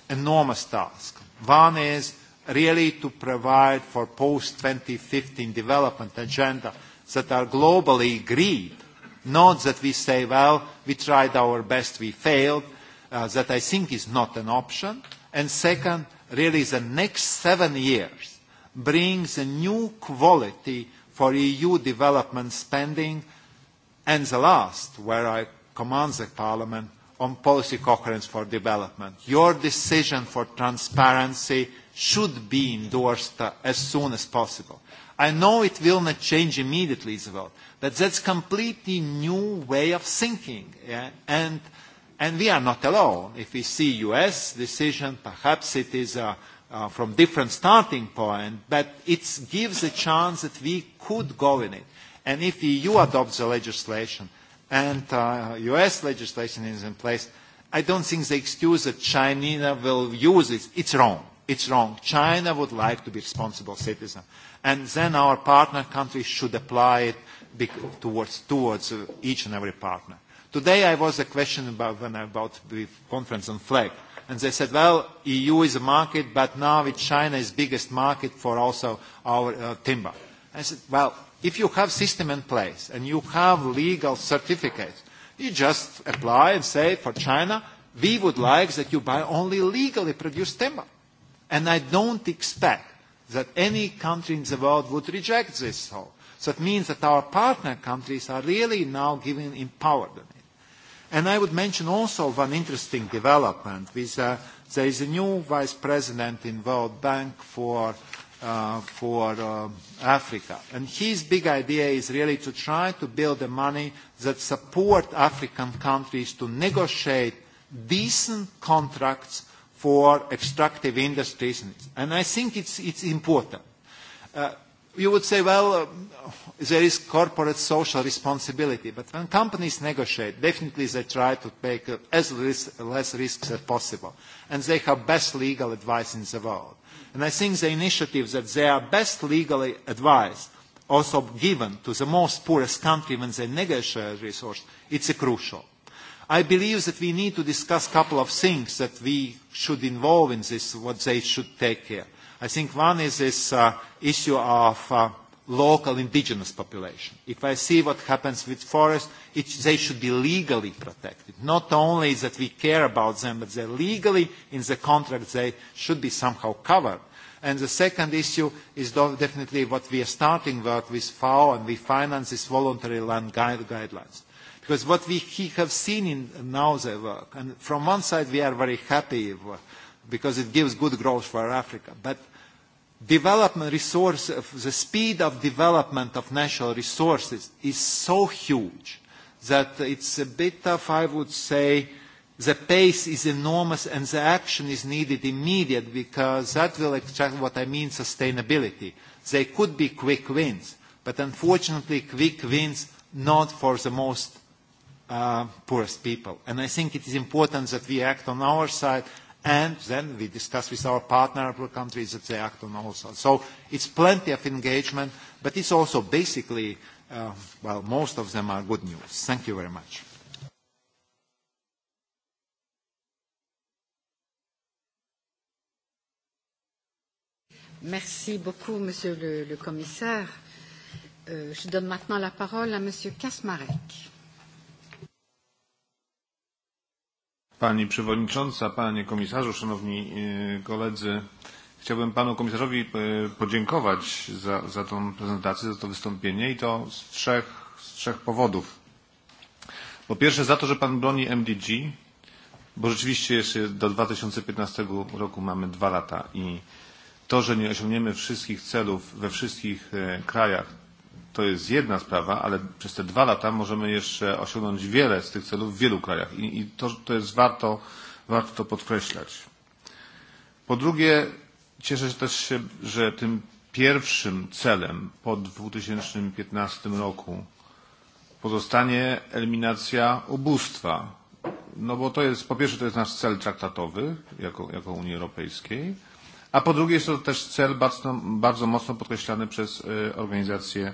enormous tasks. One is really to provide for post-2015 development agenda that are globally agreed, not that we say, well, we tried our best, we failed, uh, that I think is not an option. And second, really the next seven years brings a new quality for EU development spending. And the last, where I command the Parliament, on policy coherence for development. Your decision for transparency should be endorsed as soon as possible. I know it will not change immediately the world, but that's completely new way of thinking. Yeah? And And we are not alone. If we see US decision, perhaps it is a, uh, from different starting point, but it gives a chance that we could go in it. And if the EU adopts the legislation and uh, US legislation is in place, I don't think the excuse that China will use it, it's wrong. It's wrong. China would like to be responsible citizen. And then our partner countries should apply it towards, towards each and every partner. Today I was a question about when I about the conference on flag, and they said, well, EU is a market, but now with China is biggest market for also our uh, timber. I said, well, if you have system in place and you have legal certificates, you just apply and say for China, we would like that you buy only legally produced timber. And I don't expect that any country in the world would reject this. So that means that our partner countries are really now given empowerment. And I would mention also one interesting development. With, uh, there is a new vice president in World Bank for, uh, for uh, Africa. And his big idea is really to try to build the money that support African countries to negotiate decent contracts for extractive industries. And I think it's, it's important. Uh, you would say, well, there is corporate social responsibility, but when companies negotiate, definitely they try to take as risk, less risks as possible, and they have best legal advice in the world. And I think the initiative that they are best legally advised, also given to the most poorest country when they negotiate resource, it's crucial. I believe that we need to discuss a couple of things that we should involve in this, what they should take care I think one is this uh, issue of uh, local indigenous population. If I see what happens with forests, it, they should be legally protected. Not only that we care about them, but they're legally in the contract, they should be somehow covered. And the second issue is definitely what we are starting work with FAO, and we finance this voluntary land guide guidelines. Because what we have seen in now their work, and from one side we are very happy because it gives good growth for Africa, but development resource, the speed of development of natural resources is so huge that it's a bit of, I would say, the pace is enormous and the action is needed immediate because that will extract what I mean sustainability. They could be quick wins, but unfortunately quick wins not for the most uh, poorest people. And I think it is important that we act on our side and then we discuss with our partner countries that they act on also. So it's plenty of engagement, but it's also basically, uh, well, most of them are good news. Thank you very much. Merci beaucoup, Monsieur le, le Commissaire. Euh, je donne maintenant la parole à Monsieur Kasmarek. Pani Przewodnicząca, Panie Komisarzu, Szanowni Koledzy. Chciałbym Panu Komisarzowi podziękować za, za tą prezentację, za to wystąpienie i to z trzech, z trzech powodów. Po pierwsze za to, że Pan broni MDG, bo rzeczywiście jeszcze do 2015 roku mamy dwa lata i to, że nie osiągniemy wszystkich celów we wszystkich krajach, To jest jedna sprawa, ale przez te dwa lata możemy jeszcze osiągnąć wiele z tych celów w wielu krajach i, i to, to jest warto, warto to podkreślać. Po drugie, cieszę się też się, że tym pierwszym celem po 2015 roku pozostanie eliminacja ubóstwa. No bo to jest, po pierwsze to jest nasz cel traktatowy jako, jako Unii Europejskiej, a po drugie jest to też cel bardzo, bardzo mocno podkreślany przez organizację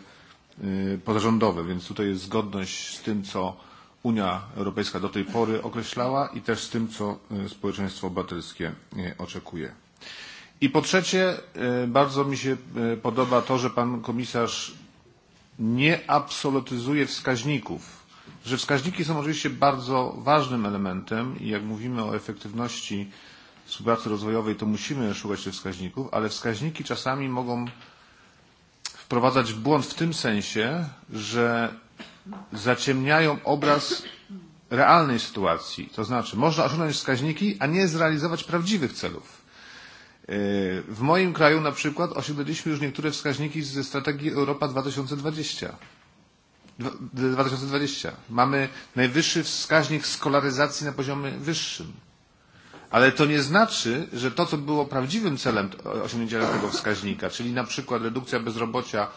pozarządowe, więc tutaj jest zgodność z tym, co Unia Europejska do tej pory określała i też z tym, co społeczeństwo obywatelskie oczekuje. I po trzecie, bardzo mi się podoba to, że pan komisarz nie absolutyzuje wskaźników, że wskaźniki są oczywiście bardzo ważnym elementem i jak mówimy o efektywności współpracy rozwojowej, to musimy szukać tych wskaźników, ale wskaźniki czasami mogą wprowadzać w błąd w tym sensie, że zaciemniają obraz realnej sytuacji. To znaczy, można osiągnąć wskaźniki, a nie zrealizować prawdziwych celów. W moim kraju na przykład osiągnęliśmy już niektóre wskaźniki ze strategii Europa 2020. 2020. Mamy najwyższy wskaźnik skolaryzacji na poziomie wyższym. Ale to nie znaczy, że to, co było prawdziwym celem osiągnięcia tego wskaźnika, czyli na przykład redukcja bezrobocia,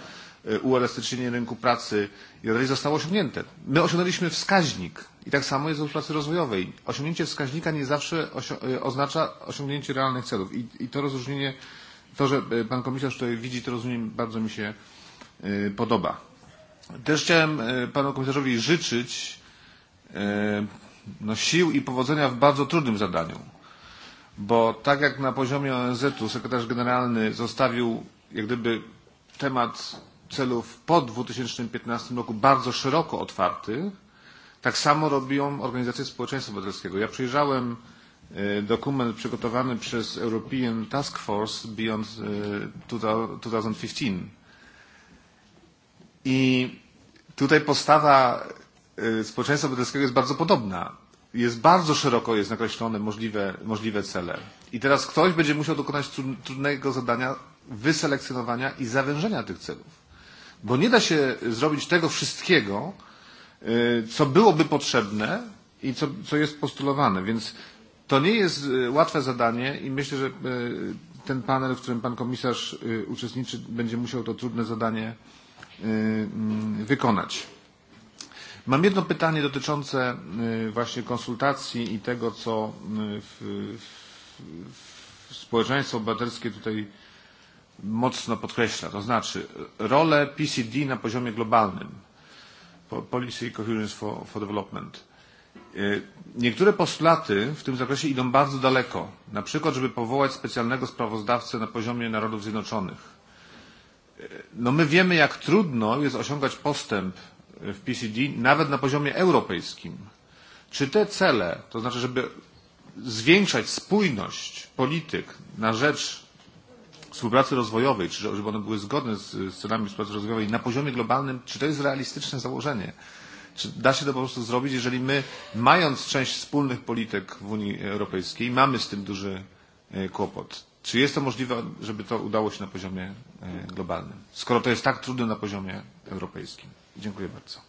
uelastycznienie rynku pracy i dalej, zostało osiągnięte. My osiągnęliśmy wskaźnik i tak samo jest w pracy rozwojowej. Osiągnięcie wskaźnika nie zawsze oznacza osiągnięcie realnych celów. I, I to rozróżnienie, to, że pan komisarz tutaj widzi, to rozumiem, bardzo mi się podoba. Też chciałem panu komisarzowi życzyć no, sił i powodzenia w bardzo trudnym zadaniu bo tak jak na poziomie ONZ-u sekretarz generalny zostawił jak gdyby temat celów po 2015 roku bardzo szeroko otwarty, tak samo robią organizacje społeczeństwa obywatelskiego. Ja przyjrzałem dokument przygotowany przez European Task Force Beyond 2015 i tutaj postawa społeczeństwa obywatelskiego jest bardzo podobna jest bardzo szeroko jest nakreślone możliwe, możliwe cele. I teraz ktoś będzie musiał dokonać trudnego zadania wyselekcjonowania i zawężenia tych celów. Bo nie da się zrobić tego wszystkiego, co byłoby potrzebne i co, co jest postulowane. Więc to nie jest łatwe zadanie i myślę, że ten panel, w którym pan komisarz uczestniczy, będzie musiał to trudne zadanie wykonać. Mam jedno pytanie dotyczące właśnie konsultacji i tego, co w, w społeczeństwo obywatelskie tutaj mocno podkreśla, to znaczy rolę PCD na poziomie globalnym, Policy Coherence for, for Development. Niektóre postulaty w tym zakresie idą bardzo daleko, na przykład, żeby powołać specjalnego sprawozdawcę na poziomie Narodów Zjednoczonych. No my wiemy, jak trudno jest osiągać postęp w PCD nawet na poziomie europejskim. Czy te cele, to znaczy, żeby zwiększać spójność polityk na rzecz współpracy rozwojowej, czy żeby one były zgodne z celami współpracy rozwojowej na poziomie globalnym, czy to jest realistyczne założenie? Czy da się to po prostu zrobić, jeżeli my, mając część wspólnych polityk w Unii Europejskiej, mamy z tym duży kłopot? Czy jest to możliwe, żeby to udało się na poziomie globalnym, skoro to jest tak trudne na poziomie europejskim? Dziękuję bardzo.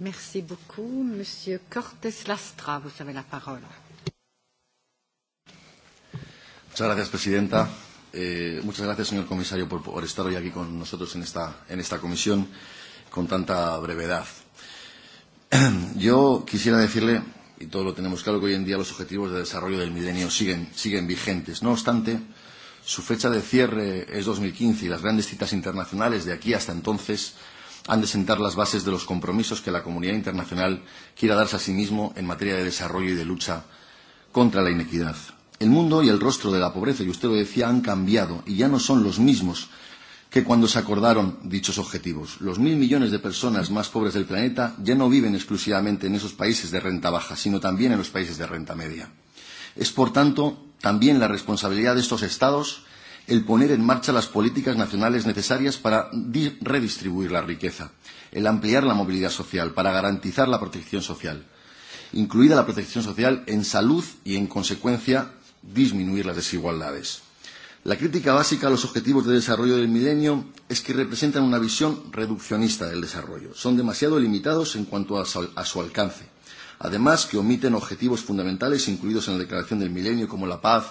Merci beaucoup. Monsieur Cortés Lastra, vous avez la parole. Muchas gracias, Presidenta. Eh, muchas gracias, señor comisario, por, por estar hoy aquí con nosotros en esta, en esta comisión con tanta brevedad. Yo quisiera decirle, y todo lo tenemos claro, que hoy en día los objetivos de desarrollo del milenio siguen, siguen vigentes. No obstante, su fecha de cierre es 2015 y las grandes citas internacionales de aquí hasta entonces han de sentar las bases de los compromisos que la comunidad internacional quiera darse a sí mismo en materia de desarrollo y de lucha contra la inequidad. El mundo y el rostro de la pobreza, y usted lo decía, han cambiado y ya no son los mismos que cuando se acordaron dichos objetivos. Los mil millones de personas más pobres del planeta ya no viven exclusivamente en esos países de renta baja, sino también en los países de renta media. Es, por tanto, También la responsabilidad de estos Estados el poner en marcha las políticas nacionales necesarias para redistribuir la riqueza, el ampliar la movilidad social, para garantizar la protección social, incluida la protección social en salud y, en consecuencia, disminuir las desigualdades. La crítica básica a los objetivos de desarrollo del milenio es que representan una visión reduccionista del desarrollo. Son demasiado limitados en cuanto a su alcance Además, que omiten objetivos fundamentales incluidos en la Declaración del Milenio, como la paz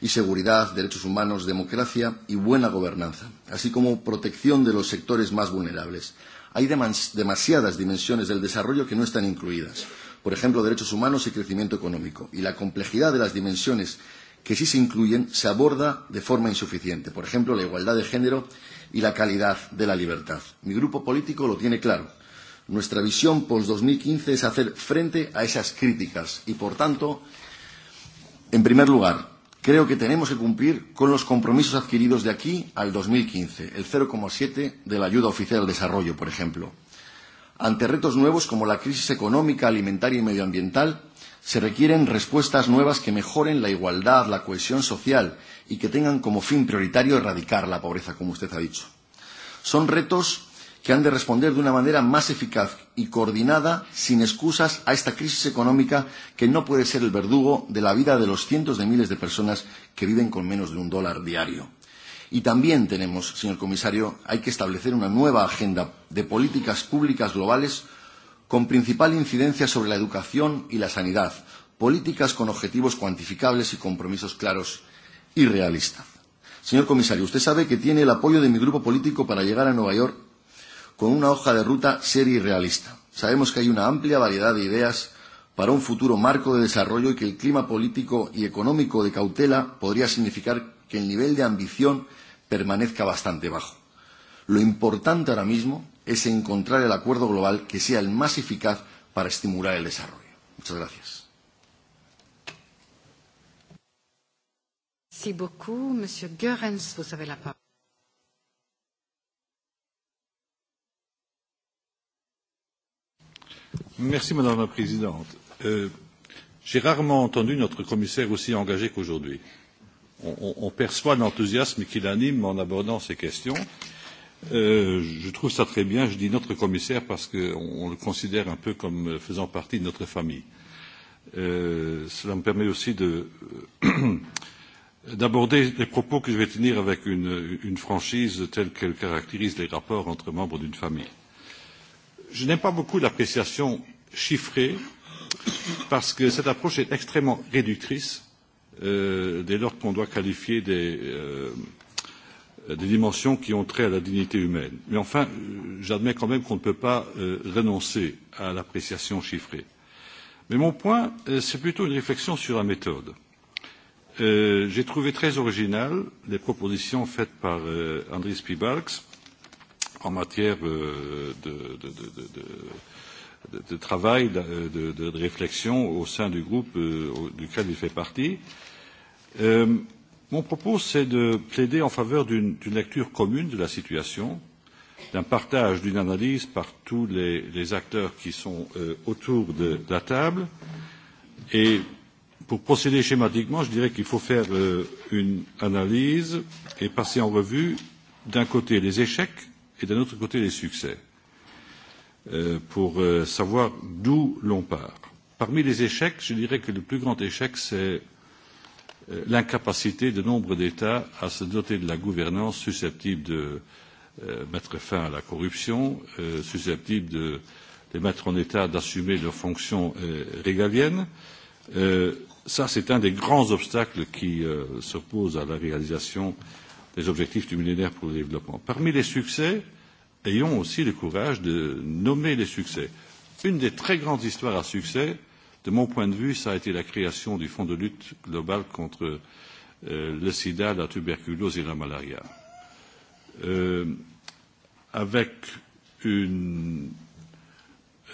y seguridad, derechos humanos, democracia y buena gobernanza, así como protección de los sectores más vulnerables. Hay demasiadas dimensiones del desarrollo que no están incluidas, por ejemplo, derechos humanos y crecimiento económico, y la complejidad de las dimensiones que sí se incluyen se aborda de forma insuficiente, por ejemplo, la igualdad de género y la calidad de la libertad. Mi grupo político lo tiene claro Nuestra visión post-2015 es hacer frente a esas críticas y, por tanto, en primer lugar, creo que tenemos que cumplir con los compromisos adquiridos de aquí al 2015, el 0,7 de la ayuda oficial al desarrollo, por ejemplo. Ante retos nuevos como la crisis económica, alimentaria y medioambiental, se requieren respuestas nuevas que mejoren la igualdad, la cohesión social y que tengan como fin prioritario erradicar la pobreza, como usted ha dicho. Son retos que han de responder de una manera más eficaz y coordinada, sin excusas, a esta crisis económica que no puede ser el verdugo de la vida de los cientos de miles de personas que viven con menos de un dólar diario. Y también tenemos, señor comisario, hay que establecer una nueva agenda de políticas públicas globales con principal incidencia sobre la educación y la sanidad, políticas con objetivos cuantificables y compromisos claros y realistas. Señor comisario, usted sabe que tiene el apoyo de mi grupo político para llegar a Nueva York con una hoja de ruta seria y realista. Sabemos que hay una amplia variedad de ideas para un futuro marco de desarrollo y que el clima político y económico de cautela podría significar que el nivel de ambición permanezca bastante bajo. Lo importante ahora mismo es encontrar el acuerdo global que sea el más eficaz para estimular el desarrollo. Muchas gracias. Merci beaucoup. Monsieur Goerens, vous avez la parole. Merci, Madame la Présidente. Euh, J'ai rarement entendu notre commissaire aussi engagé qu'aujourd'hui. On, on, on perçoit l'enthousiasme qui l'anime en abordant ces questions. Euh, je trouve ça très bien. Je dis notre commissaire parce qu'on le considère un peu comme faisant partie de notre famille. Euh, cela me permet aussi d'aborder les propos que je vais tenir avec une, une franchise telle qu'elle caractérise les rapports entre membres d'une famille je n'aime pas beaucoup l'appréciation chiffrée parce que cette approche est extrêmement réductrice dès lors qu'on doit qualifier des, dimensions qui ont trait à la dignité humaine. Mais enfin, j'admets quand même qu'on ne peut pas renoncer à l'appréciation chiffrée. Mais mon point, c'est plutôt une réflexion sur la méthode. J'ai trouvé très originales les propositions faites par Andris Pibalks en matière de, de, de, de, de, de travail, de, de, de réflexion au sein du groupe euh, duquel il fait partie. Euh, mon propos, c'est de plaider en faveur d'une lecture commune de la situation, d'un partage, d'une analyse par tous les, les acteurs qui sont euh, autour de, de la table. Et pour procéder schématiquement, je dirais qu'il faut faire euh, une analyse et passer en revue, d'un côté, les échecs et d'un autre côté les succès, pour savoir d'où l'on part. Parmi les échecs, je dirais que le plus grand échec, c'est l'incapacité de nombre d'États à se doter de la gouvernance susceptible de mettre fin à la corruption, susceptible de les mettre en état d'assumer leurs fonctions régaliennes. Ça, c'est un des grands obstacles qui s'opposent à la réalisation euh, les objectifs du millénaire pour le développement. Parmi les succès, ayons aussi le courage de nommer les succès. Une des très grandes histoires à succès, de mon point de vue, ça a été la création du Fonds de lutte global contre le sida, la tuberculose et la malaria. avec une,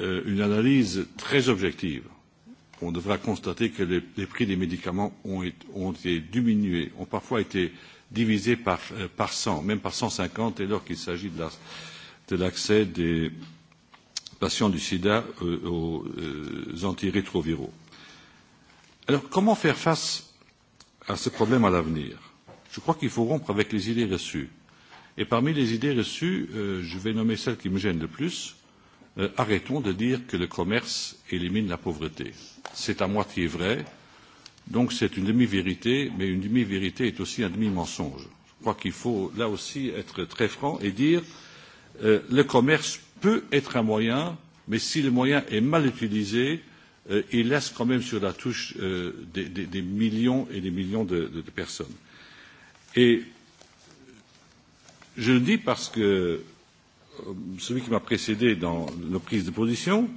une analyse très objective, on devra constater que les, prix des médicaments ont, été diminués, ont parfois été divisé par, par 100, même par 150, dès lors qu'il s'agit de l'accès des patients du sida aux antirétroviraux. Alors, comment faire face à ce problème à l'avenir Je crois qu'il faut rompre avec les idées reçues. Et parmi les idées reçues, je vais nommer celle qui me gêne le plus. arrêtons de dire que le commerce élimine la pauvreté. C'est à moitié vrai, Donc c'est une demi-vérité, mais une demi-vérité est aussi un demi-mensonge. Je crois qu'il faut là aussi être très franc et dire euh, le commerce peut être un moyen, mais si le moyen est mal utilisé, euh, il laisse quand même sur la touche euh, des, des, des millions et des millions de, de, de personnes. Et je le dis parce que celui qui m'a précédé dans nos prises de position,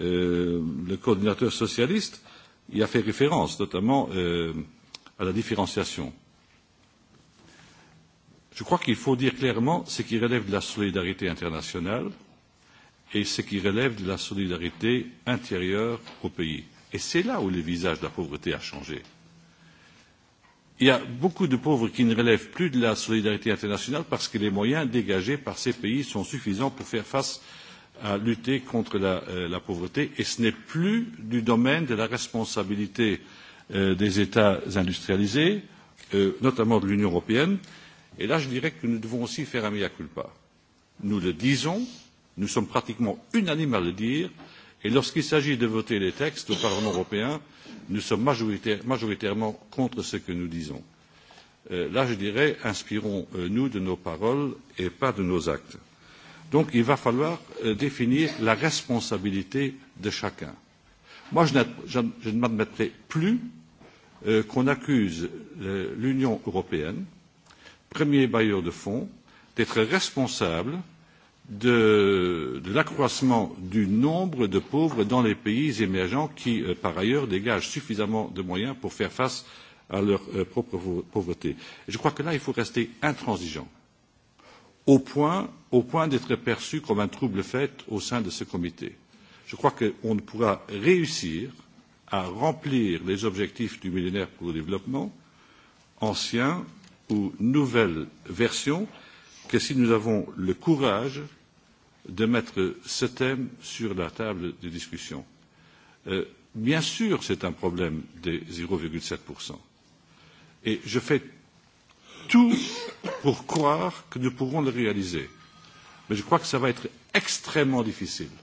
euh, le coordinateur socialiste, Il a fait référence, notamment à la différenciation. Je crois qu'il faut dire clairement ce qui relève de la solidarité internationale et ce qui relève de la solidarité intérieure au pays. Et c'est là où le visage de la pauvreté a changé. Il y a beaucoup de pauvres qui ne relèvent plus de la solidarité internationale parce que les moyens dégagés par ces pays sont suffisants pour faire face à à lutter contre la, pauvreté et ce n'est plus du domaine de la responsabilité des États industrialisés, notamment de l'Union européenne. Et là, je dirais que nous devons aussi faire un mea culpa. Nous le disons, nous sommes pratiquement unanimes à le dire, et lorsqu'il s'agit de voter les textes au Parlement européen, nous sommes majoritairement contre ce que nous disons. là, je dirais, inspirons-nous de nos paroles et pas de nos actes Donc il va falloir définir la responsabilité de chacun. Moi, je ne m'admettrai plus qu'on accuse l'Union européenne, premier bailleur de fonds, d'être responsable de, l'accroissement du nombre de pauvres dans les pays émergents qui, par ailleurs, dégagent suffisamment de moyens pour faire face à leur propre pauvreté. Je crois que là, il faut rester intransigeant au point, au point d'être perçu comme un trouble fait au sein de ce comité. Je crois qu'on ne pourra réussir à remplir les objectifs du millénaire pour le développement, ancien ou nouvelle version, que si nous avons le courage de mettre ce thème sur la table de discussion. bien sûr, c'est un problème des zéro sept et je fais tout pour croire que nous pourrons le réaliser. Mais je crois que ça va être extrêmement difficile.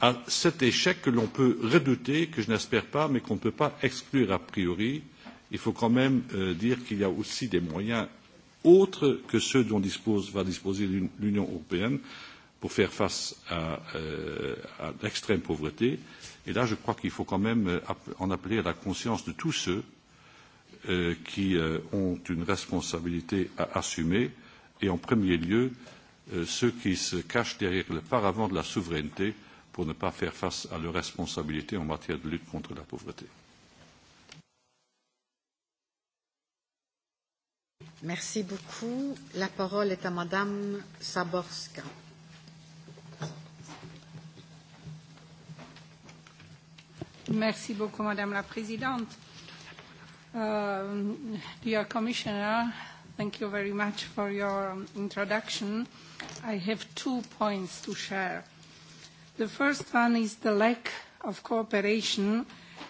À cet échec que l'on peut redouter, que je n'espère pas, mais qu'on ne peut pas exclure a priori, il faut quand même dire qu'il y a aussi des moyens autres que ceux dont va disposer l'Union européenne pour faire face à, l'extrême pauvreté. Et là, je crois qu'il faut quand même en appeler à la conscience de tous ceux qui ont une responsabilité à assumer et en premier lieu ceux qui se cachent derrière le paravent de la souveraineté pour ne pas faire face à leurs responsabilités en matière de lutte contre la pauvreté. Merci beaucoup. La parole est à Madame Saborska. Merci beaucoup, Madame la Présidente Dear Commissioner, thank you very much for your introduction. I have two points to share. The first one is the lack of cooperation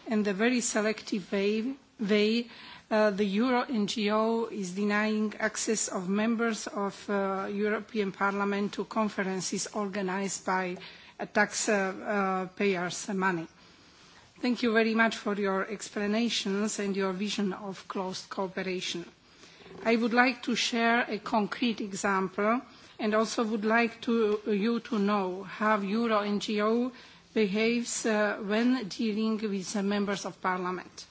and the very selective way, way the Euro NGO is denying access of members of uh, European Parliament to conferences organized by taxpayers' money. Thank you very much for your explanations and your vision of close cooperation. I would like to share a concrete example and also would like to, you to know how Euro NGO behaves when dealing with members of parliament.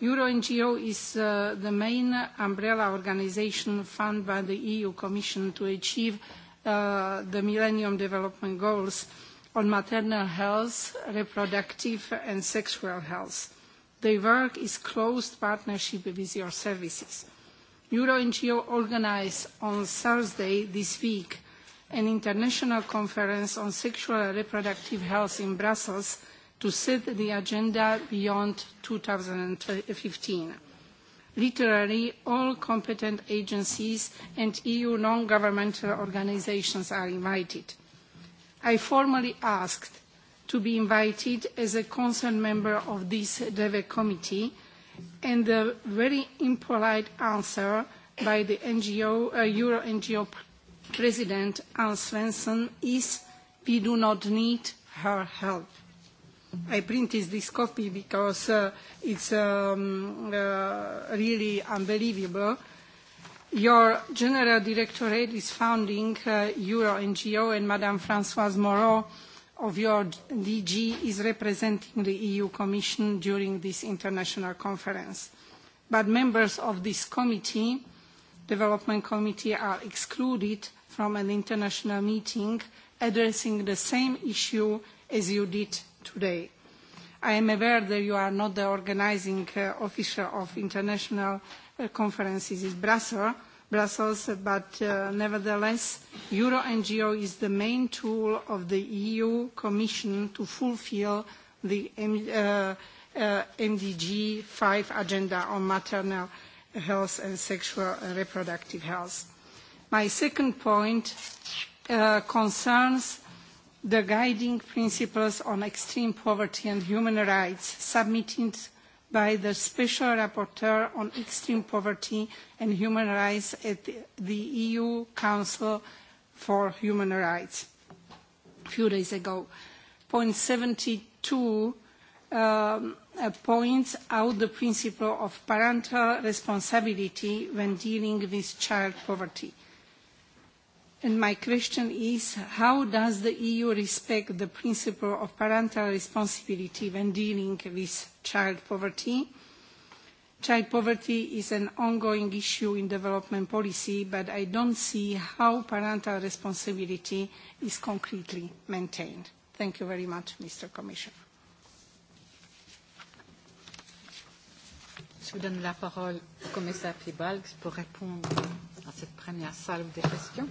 Euro NGO is the main umbrella organisation funded by the EU Commission to achieve the Millennium Development Goals – on maternal health, reproductive and sexual health. They work in close partnership with your services. NGO organised on Thursday this week an international conference on sexual and reproductive health in Brussels to set the agenda beyond 2015. Literally, all competent agencies and EU non-governmental organisations are invited. I formally asked to be invited as a concerned member of this DEVE committee, and the very impolite answer by the NGO, uh, Euro NGO president Anne Svensson is we do not need her help. I printed this copy because uh, it's um, uh, really unbelievable Your general directorate is founding uh, Euro NGO, and Madame Françoise Moreau of your DG is representing the EU Commission during this international conference. But members of this committee, Development Committee, are excluded from an international meeting addressing the same issue as you did today. I am aware that you are not the organising official of international conferences in Brussels, but nevertheless, Euro NGO is the main tool of the EU Commission to fulfil the MDG 5 agenda on maternal health and sexual and reproductive health. My second point concerns the guiding principles on extreme poverty and human rights submitted by the Special Rapporteur on Extreme Poverty and Human Rights at the EU Council for Human Rights a few days ago. Point seventy two points out the principle of parental responsibility when dealing with child poverty And my question is, how does the EU respect the principle of parental responsibility when dealing with child poverty? Child poverty is an ongoing issue in development policy, but I don't see how parental responsibility is concretely maintained. Thank you very much, Mr. Commissioner. Je vous donne la parole au commissaire pour répondre à cette première salve questions.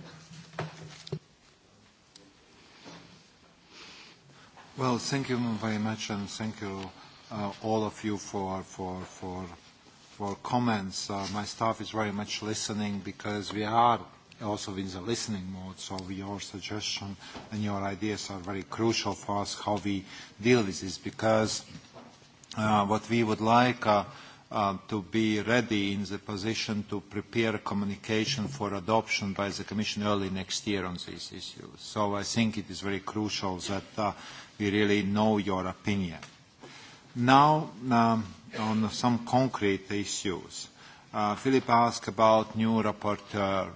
Well, thank you very much, and thank you uh, all of you for for for for comments. Uh, my staff is very much listening because we are also in the listening mode. So your suggestion and your ideas are very crucial for us how we deal with this because uh, what we would like. Uh, uh, to be ready in the position to prepare communication for adoption by the Commission early next year on these issues. So I think it is very crucial that uh, we really know your opinion. Now, um, on some concrete issues. Uh, Philip asked about new rapporteur.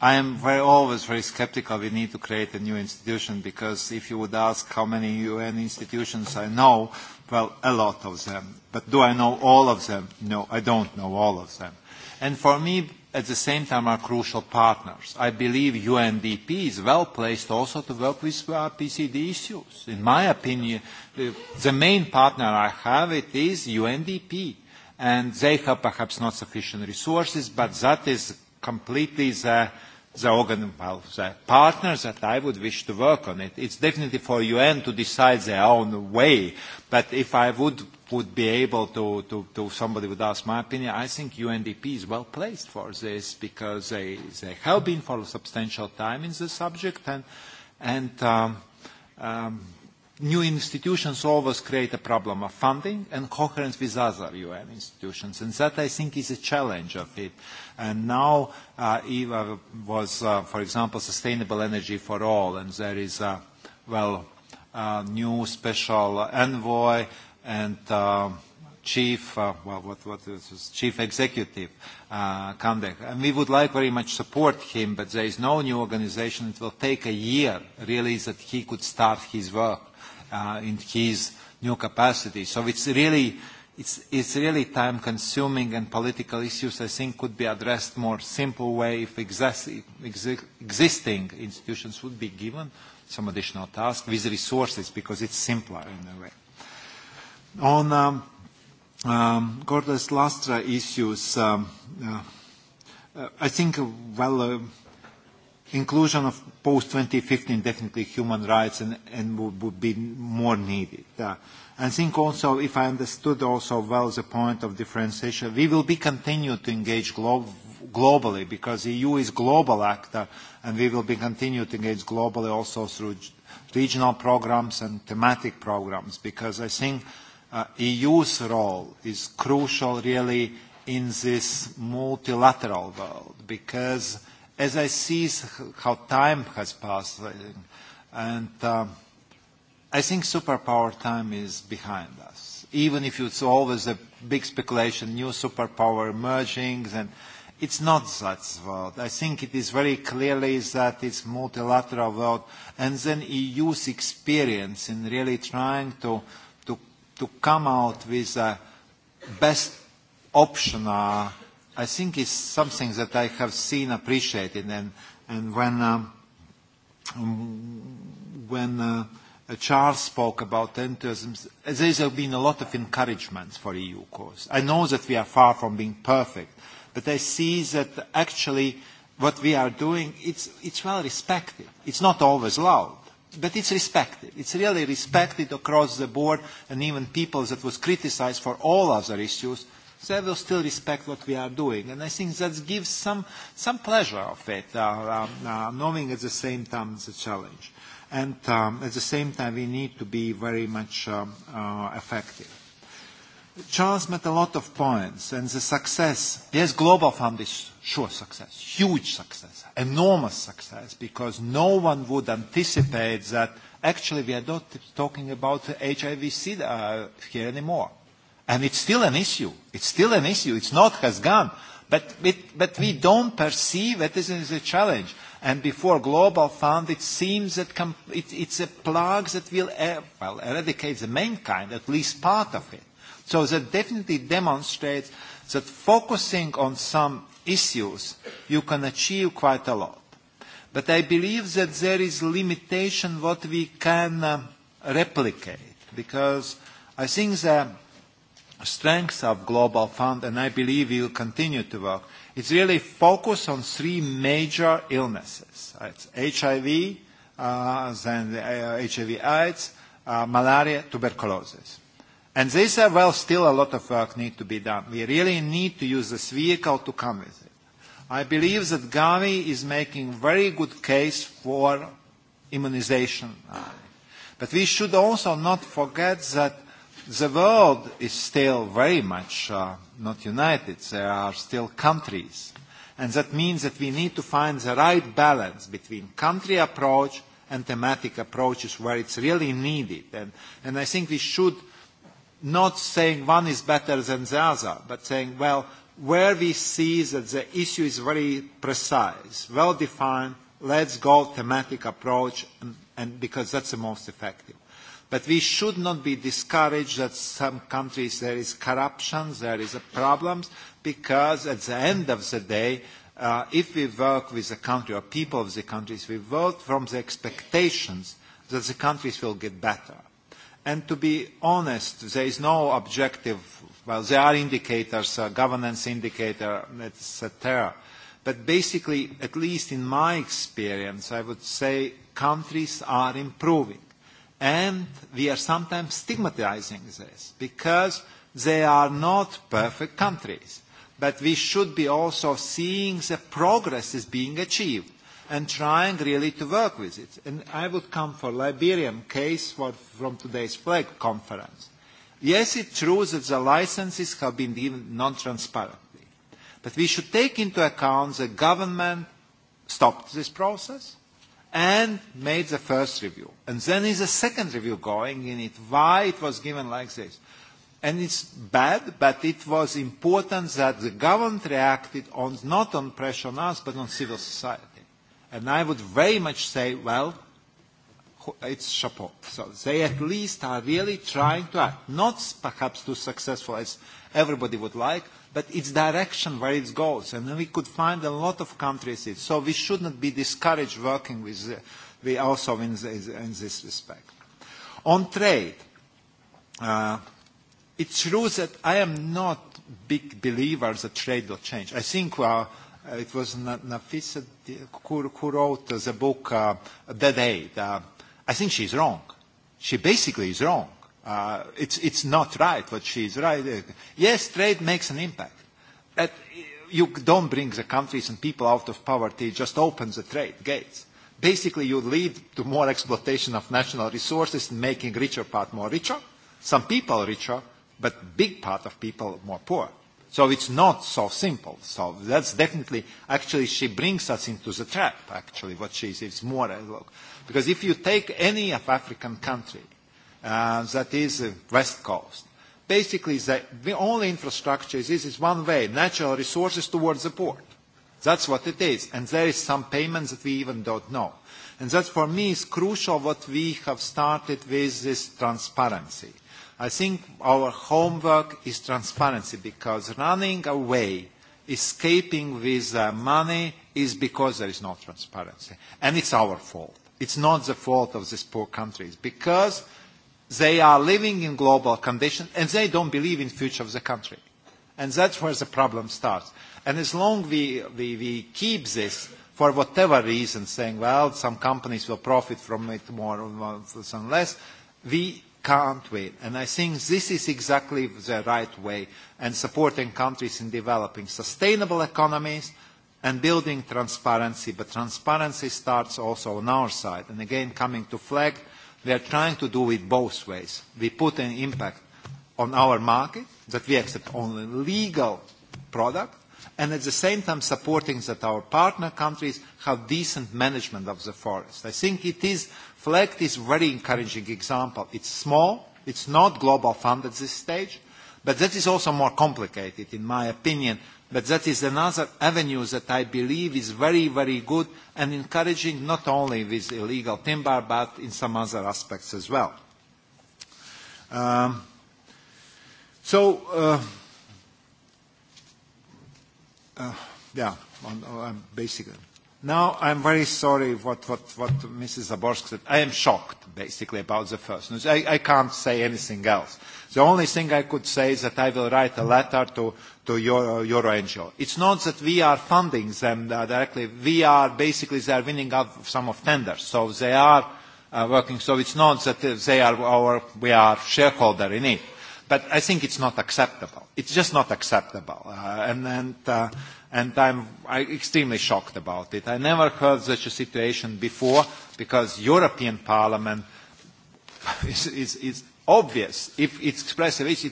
I am very, always very skeptical we need to create a new institution because if you would ask how many UN institutions I know, well, a lot of them. But do I know all of them? No, I don't know all of them. And for me, at the same time are crucial partners. I believe UNDP is well placed also to work with PCD issues. In my opinion, the, the main partner I have it is UNDP, and they have perhaps not sufficient resources, but that is completely the the organ, well, the partner that I would wish to work on it. It's definitely for UN to decide their own way, but if I would would be able to, to, to somebody would ask my opinion, I think UNDP is well placed for this because they, they have been for a substantial time in the subject and, and um, um, new institutions always create a problem of funding and coherence with other UN institutions. And that, I think, is a challenge of it. And now uh, EVA was, uh, for example, Sustainable Energy for All, and there is a, well, a new special envoy and uh, chief, uh, well, what, what is chief executive uh, conduct. And we would like very much support him, but there is no new organization. It will take a year, really, that he could start his work uh, in his new capacity. So it's really, it's, it's really time-consuming, and political issues, I think, could be addressed more simple way if exist, ex existing institutions would be given some additional tasks with resources, because it's simpler in a way. On um, um, Gordas Lastra issues, um, uh, I think, well, uh, inclusion of post-2015 definitely human rights and, and would, would be more needed. Uh, I think also, if I understood also well the point of differentiation, we will be continue to engage glo globally because the EU is global actor and we will be continued to engage globally also through regional programs and thematic programs because I think – uh, EU's role is crucial really in this multilateral world because as I see how time has passed and um, I think superpower time is behind us. Even if it's always a big speculation, new superpower emerging, then it's not that world. I think it is very clearly that it's multilateral world and then EU's experience in really trying to uh, to come out with a best option, uh, I think is something that I have seen appreciated. And, and when, um, when uh, Charles spoke about enthusiasm, there have been a lot of encouragements for EU cause. I know that we are far from being perfect, but I see that actually what we are doing, it's, it's well respected. It's not always loud, but it's respected. It's really respected across the board, and even people that was criticized for all other issues, they will still respect what we are doing. And I think that gives some, some pleasure of it, uh, uh, knowing at the same time the challenge. And um, at the same time, we need to be very much um, uh, effective. Charles made a lot of points, and the success, yes, Global Fund is sure success, huge success, enormous success, because no one would anticipate that actually we are not talking about hiv uh, here anymore. And it's still an issue. It's still an issue. It's not has gone. But, it, but we don't perceive that this is a challenge. And before Global Fund, it seems that com- it, it's a plug that will, er- well, eradicate the mankind, at least part of it. So that definitely demonstrates that focusing on some issues, you can achieve quite a lot. But I believe that there is limitation what we can uh, replicate, because I think the strength of Global Fund, and I believe we will continue to work, is really focus on three major illnesses. It's HIV, uh, then the, uh, HIV AIDS, uh, malaria, tuberculosis. And they said, well, still a lot of work needs to be done. We really need to use this vehicle to come with it. I believe that Gavi is making very good case for immunization. But we should also not forget that the world is still very much uh, not united. There are still countries. And that means that we need to find the right balance between country approach and thematic approaches where it's really needed. And, and I think we should – not saying one is better than the other, but saying, well, where we see that the issue is very precise, well defined, let's go thematic approach, and, and because that's the most effective. But we should not be discouraged that some countries there is corruption, there is problems, because at the end of the day, uh, if we work with the country or people of the countries, we vote from the expectations that the countries will get better. And to be honest, there is no objective. Well, there are indicators, uh, governance indicator, etc. But basically, at least in my experience, I would say countries are improving. And we are sometimes stigmatizing this because they are not perfect countries. But we should be also seeing the progress is being achieved and trying really to work with it. And I would come for Liberian case for, from today's flag conference. Yes, it's true that the licenses have been given non-transparently, but we should take into account the government stopped this process and made the first review. And then is a second review going in it, why it was given like this. And it's bad, but it was important that the government reacted on, not on pressure on us, but on civil society. And I would very much say, well, it's chapeau. So they at least are really trying to act. Not perhaps too successful as everybody would like, but its direction where it goes. And we could find a lot of countries. It. So we should not be discouraged working with, the, we also in the in this respect. On trade, uh, it's true that I am not big believer that trade will change. I think uh, it was Nafisa who, who wrote the book uh, The Day, the, I think she's wrong. She basically is wrong. Uh, it's, it's not right what she is right. Yes, trade makes an impact. But you don't bring the countries and people out of poverty, just opens the trade gates. Basically, you lead to more exploitation of national resources, making richer part more richer, some people richer, but big part of people more poor. So it's not so simple. So that's definitely, actually, she brings us into the trap, actually, what she is. It's more, look. Because if you take any of African country uh, that is uh, West Coast, basically the, the only infrastructure is, is one way, natural resources towards the port. That's what it is. And there is some payments that we even don't know. And that, for me, is crucial what we have started with this transparency – I think our homework is transparency because running away, escaping with uh, money is because there is no transparency. And it's our fault. It's not the fault of these poor countries because they are living in global conditions and they don't believe in the future of the country. And that's where the problem starts. And as long we, we, we keep this for whatever reason, saying, well, some companies will profit from it more or less, we can't win. And I think this is exactly the right way and supporting countries in developing sustainable economies and building transparency. But transparency starts also on our side. And again, coming to flag, we are trying to do it both ways. We put an impact on our market that we accept only legal product and at the same time supporting that our partner countries have decent management of the forest. I think it is FLECT is a very encouraging example. It's small, it's not global fund at this stage, but that is also more complicated, in my opinion. But that is another avenue that I believe is very, very good and encouraging, not only with illegal timber, but in some other aspects as well. Um, so, uh, uh, yeah, on, on basically. Now, I'm very sorry what, what, what Mrs. Zaborsk said. I am shocked, basically, about the first news. I, I can't say anything else. The only thing I could say is that I will write a letter to, to Euro, Euro NGO. It's not that we are funding them directly. We are basically, they are winning out some of tenders. So they are uh, working. So it's not that they are our, we are shareholder in it but I think it's not acceptable. It's just not acceptable. Uh, and and uh, and I'm I extremely shocked about it. I never heard such a situation before because European Parliament is, is, is obvious. If it's expressive, it's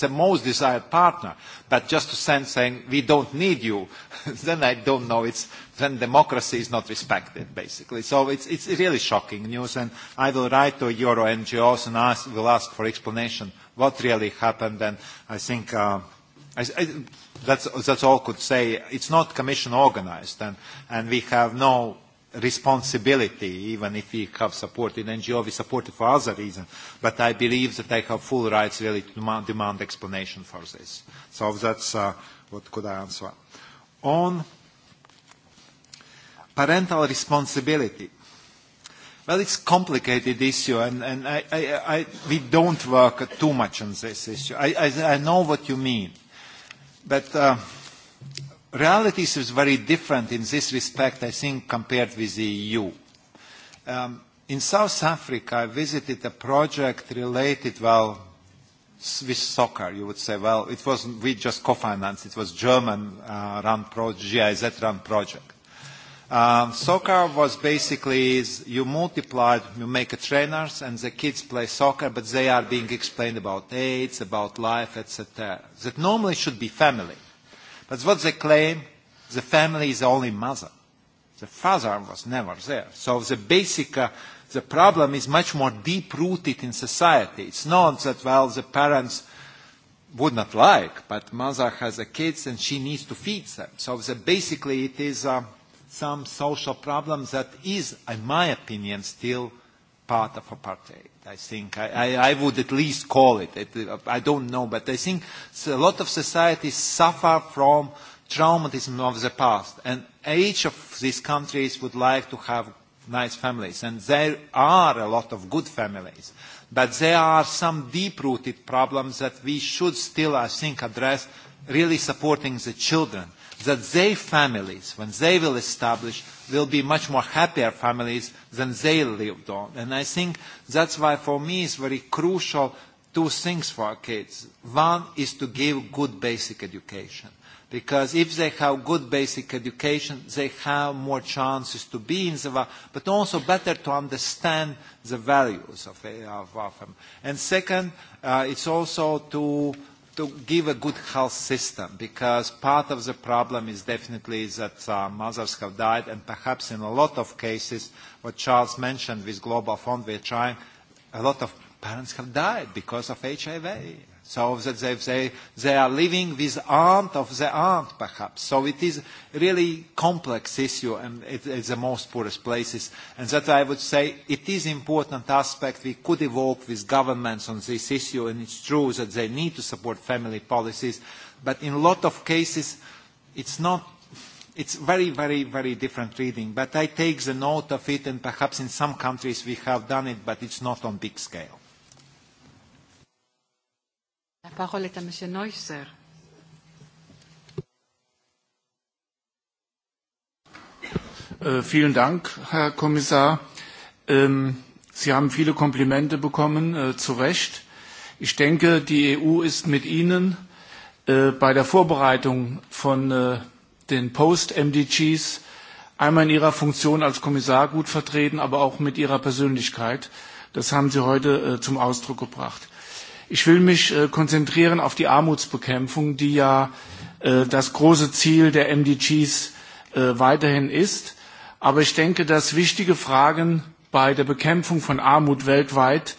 the most desired partner. But just to send saying, we don't need you, then I don't know. It's, then democracy is not respected, basically. So it's, it's really shocking news. And I will write to Euro NGOs and ask, will ask for explanation what really happened. And I think... Uh, I, I, that's, that's all I could say. It's not commission organized, and, and we have no responsibility, even if we have supported NGO, we supported for other reasons. But I believe that I have full rights really to demand, demand explanation for this. So that's uh, what could I answer. On parental responsibility, well, it's a complicated issue, and, and I, I, I, we don't work too much on this issue. I, I, I know what you mean But uh, realities is very different in this respect, I think, compared with the EU. Um, in South Africa, I visited a project related, well, Swiss soccer, you would say, well, it wasn't, we just co-financed, it was German-run uh, project, GIZ-run project. Um, soccer was basically is you multiply, you make a trainers, and the kids play soccer, but they are being explained about AIDS, about life, etc. That normally should be family. But what they claim, the family is the only mother. The father was never there. So the basic, uh, the problem is much more deep-rooted in society. It's not that, well, the parents would not like, but mother has the kids and she needs to feed them. So the, basically it is... Uh, some social problems that is, in my opinion, still part of apartheid. I think I, I, I would at least call it. it. I don't know, but I think a lot of societies suffer from traumatism of the past, and each of these countries would like to have nice families, and there are a lot of good families, but there are some deep-rooted problems that we should still, I think, address, really supporting the children that their families, when they will establish, will be much more happier families than they lived on. And I think that's why for me it's very crucial two things for our kids. One is to give good basic education. Because if they have good basic education, they have more chances to be in the world, but also better to understand the values of, of, of them. And second, uh, it's also to to give a good health system because part of the problem is definitely that uh, mothers have died and perhaps in a lot of cases what Charles mentioned with Global Fund we're trying a lot of parents have died because of HIV So that they, they, they are living with aunt of the aunt, perhaps. So it is really complex issue and it, it's the most poorest places. And that I would say it is important aspect we could evoke with governments on this issue and it's true that they need to support family policies. But in a lot of cases, it's not it's very, very, very different reading, but I take the note of it, and perhaps in some countries we have done it, but it's not on big scale. La parole est à M. Neusser. Vielen Dank, Herr Kommissar. Sie haben viele Komplimente bekommen, zu Recht. Ich denke, die EU ist mit Ihnen bei der Vorbereitung von den Post-MDGs einmal in Ihrer Funktion als Kommissar gut vertreten, aber auch mit Ihrer Persönlichkeit. Das haben Sie heute zum Ausdruck gebracht. Ich will mich konzentrieren auf die Armutsbekämpfung, die ja das große Ziel der MDGs weiterhin ist. Aber ich denke, dass wichtige Fragen bei der Bekämpfung von Armut weltweit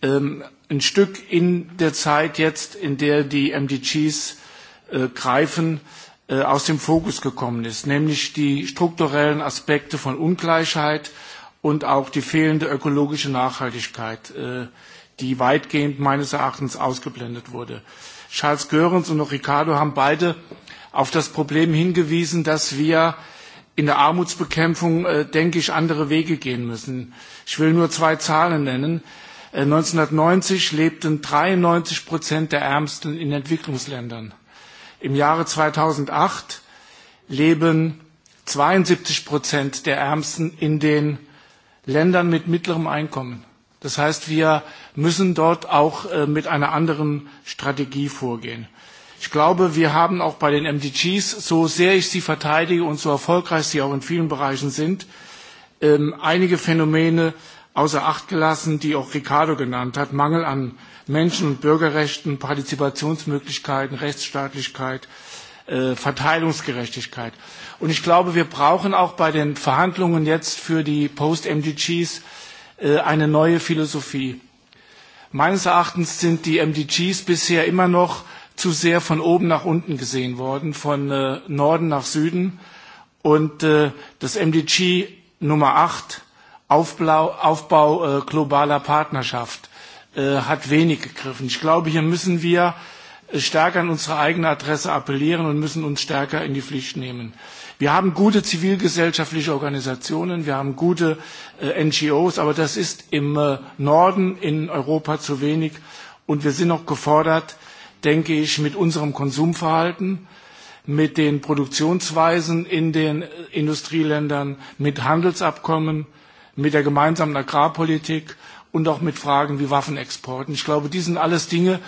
ein Stück in der Zeit jetzt, in der die MDGs greifen, aus dem Fokus gekommen ist, nämlich die strukturellen Aspekte von Ungleichheit und auch die fehlende ökologische Nachhaltigkeit die weitgehend meines Erachtens ausgeblendet wurde. Charles Görens und auch Ricardo haben beide auf das Problem hingewiesen, dass wir in der Armutsbekämpfung, denke ich, andere Wege gehen müssen. Ich will nur zwei Zahlen nennen. 1990 lebten 93 Prozent der Ärmsten in Entwicklungsländern. Im Jahre 2008 leben 72 Prozent der Ärmsten in den Ländern mit mittlerem Einkommen. Das heißt, wir müssen dort auch mit einer anderen Strategie vorgehen. Ich glaube, wir haben auch bei den MDGs, so sehr ich sie verteidige und so erfolgreich sie auch in vielen Bereichen sind, einige Phänomene außer Acht gelassen, die auch Ricardo genannt hat. Mangel an Menschen- und Bürgerrechten, Partizipationsmöglichkeiten, Rechtsstaatlichkeit, Verteilungsgerechtigkeit. Und ich glaube, wir brauchen auch bei den Verhandlungen jetzt für die Post-MDGs eine neue Philosophie. Meines Erachtens sind die MDGs bisher immer noch zu sehr von oben nach unten gesehen worden, von Norden nach Süden. Und das MDG Nummer acht Aufbau, globaler Partnerschaft, hat wenig gegriffen. Ich glaube, hier müssen wir stärker an unsere eigene Adresse appellieren und müssen uns stärker in die Pflicht nehmen. Wir haben gute zivilgesellschaftliche Organisationen, wir haben gute NGOs, aber das ist im Norden in Europa zu wenig. Und wir sind auch gefordert, denke ich, mit unserem Konsumverhalten, mit den Produktionsweisen in den Industrieländern, mit Handelsabkommen, mit der gemeinsamen Agrarpolitik und auch mit Fragen wie Waffenexporten. Ich glaube, dies sind alles Dinge,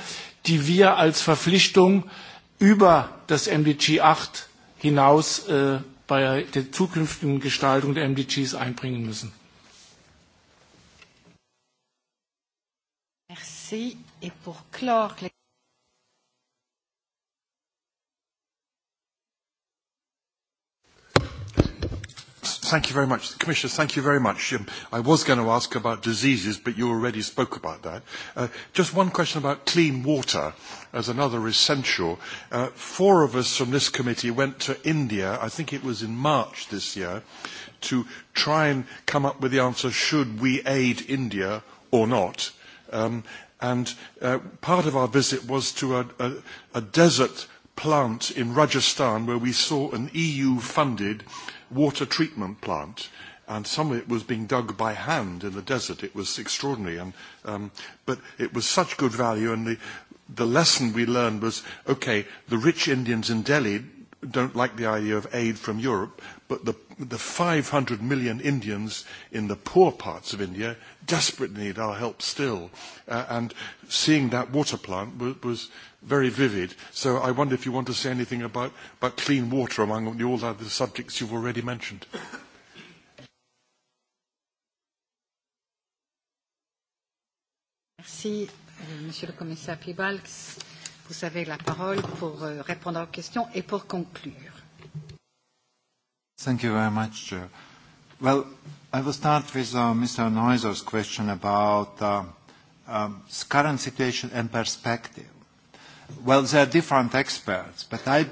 die wir als Verpflichtung über das MDG 8 hinaus bei der zukünftigen Gestaltung der MDGs einbringen müssen. Merci. Et pour clore thank you very much. Commissioner, thank you very much. Um, I was going to ask about diseases, but you already spoke about that. Uh, just one question about clean water as another essential. Uh, four of us from this committee went to India, I think it was in March this year, to try and come up with the answer, should we aid India or not? Um, and uh, part of our visit was to a, a, a desert plant in Rajasthan where we saw an EU-funded water treatment plant and some of it was being dug by hand in the desert. It was extraordinary, and um, but it was such good value. And the the lesson we learned was okay. The rich Indians in Delhi don't like the idea of aid from Europe, but the, the 500 million Indians in the poor parts of India desperately need our help still. Uh, and seeing that water plant was, was very vivid. So I wonder if you want to say anything about, about clean water among the, all the other subjects you've already mentioned. Merci, Monsieur le Commissaire Piebalgs. Vous avez la parole pour répondre aux questions et pour conclure. Thank you very much, Chair. Well, I will start with uh, Mr. Noiser's question about uh, um, current situation and perspective. Well, there are different experts, but I,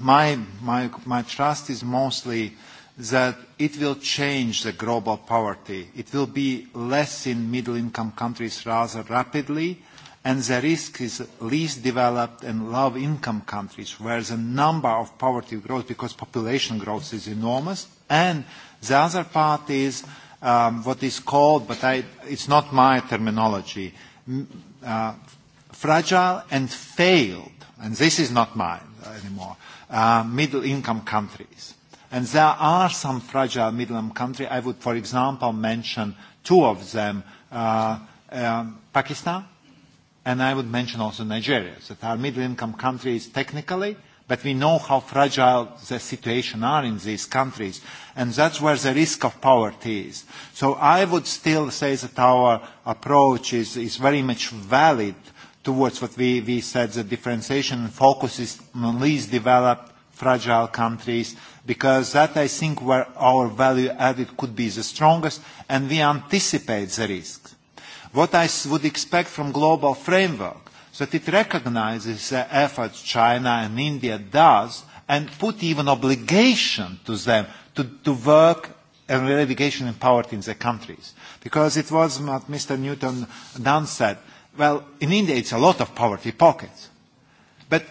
my, my, my trust is mostly that it will change the global poverty. It will be less in middle-income countries rather rapidly, and the risk is least developed and low income countries where the number of poverty grows because population growth is enormous and the other part is um, what is called but I, it's not my terminology uh, fragile and failed and this is not mine anymore uh, middle income countries and there are some fragile middle income countries I would for example mention two of them uh, um, Pakistan and I would mention also Nigeria, that our middle-income countries technically, but we know how fragile the situation are in these countries, and that's where the risk of poverty is. So I would still say that our approach is, is very much valid towards what we, we said, the differentiation focuses on least developed, fragile countries, because that I think where our value added could be the strongest, and we anticipate the risk what I would expect from global framework, that it recognizes the efforts China and India does and put even obligation to them to, to work and eradication of poverty in their countries. Because it was what Mr. Newton Dunn said, well, in India it's a lot of poverty pockets. But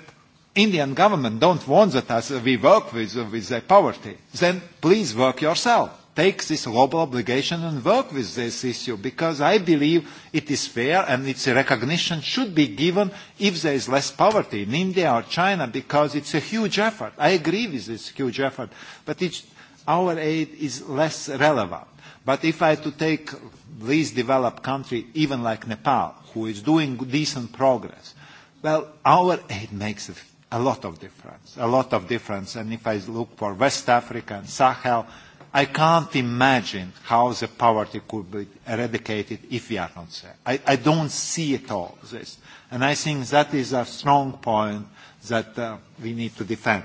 Indian government don't want that as we work with, with their poverty. Then please work yourself take this global obligation and work with this issue because I believe it is fair and its recognition should be given if there is less poverty in India or China because it's a huge effort. I agree with this huge effort, but it's, our aid is less relevant. But if I to take least developed country, even like Nepal, who is doing decent progress, well, our aid makes a lot of difference, a lot of difference. And if I look for West Africa and Sahel, I can't imagine how the poverty could be eradicated if we are not there. I, I don't see at all this. And I think that is a strong point that uh, we need to defend.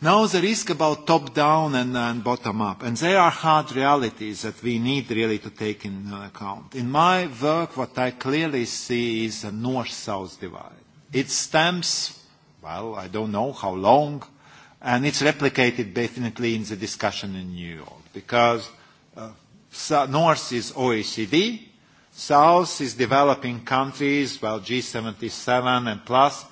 Now the risk about top-down and, and bottom-up, and there are hard realities that we need really to take into account. In my work, what I clearly see is a north-south divide. It stems, well, I don't know how long, And it's replicated definitely in the discussion in New York because uh, North is OECD, South is developing countries, well, G77 and plus,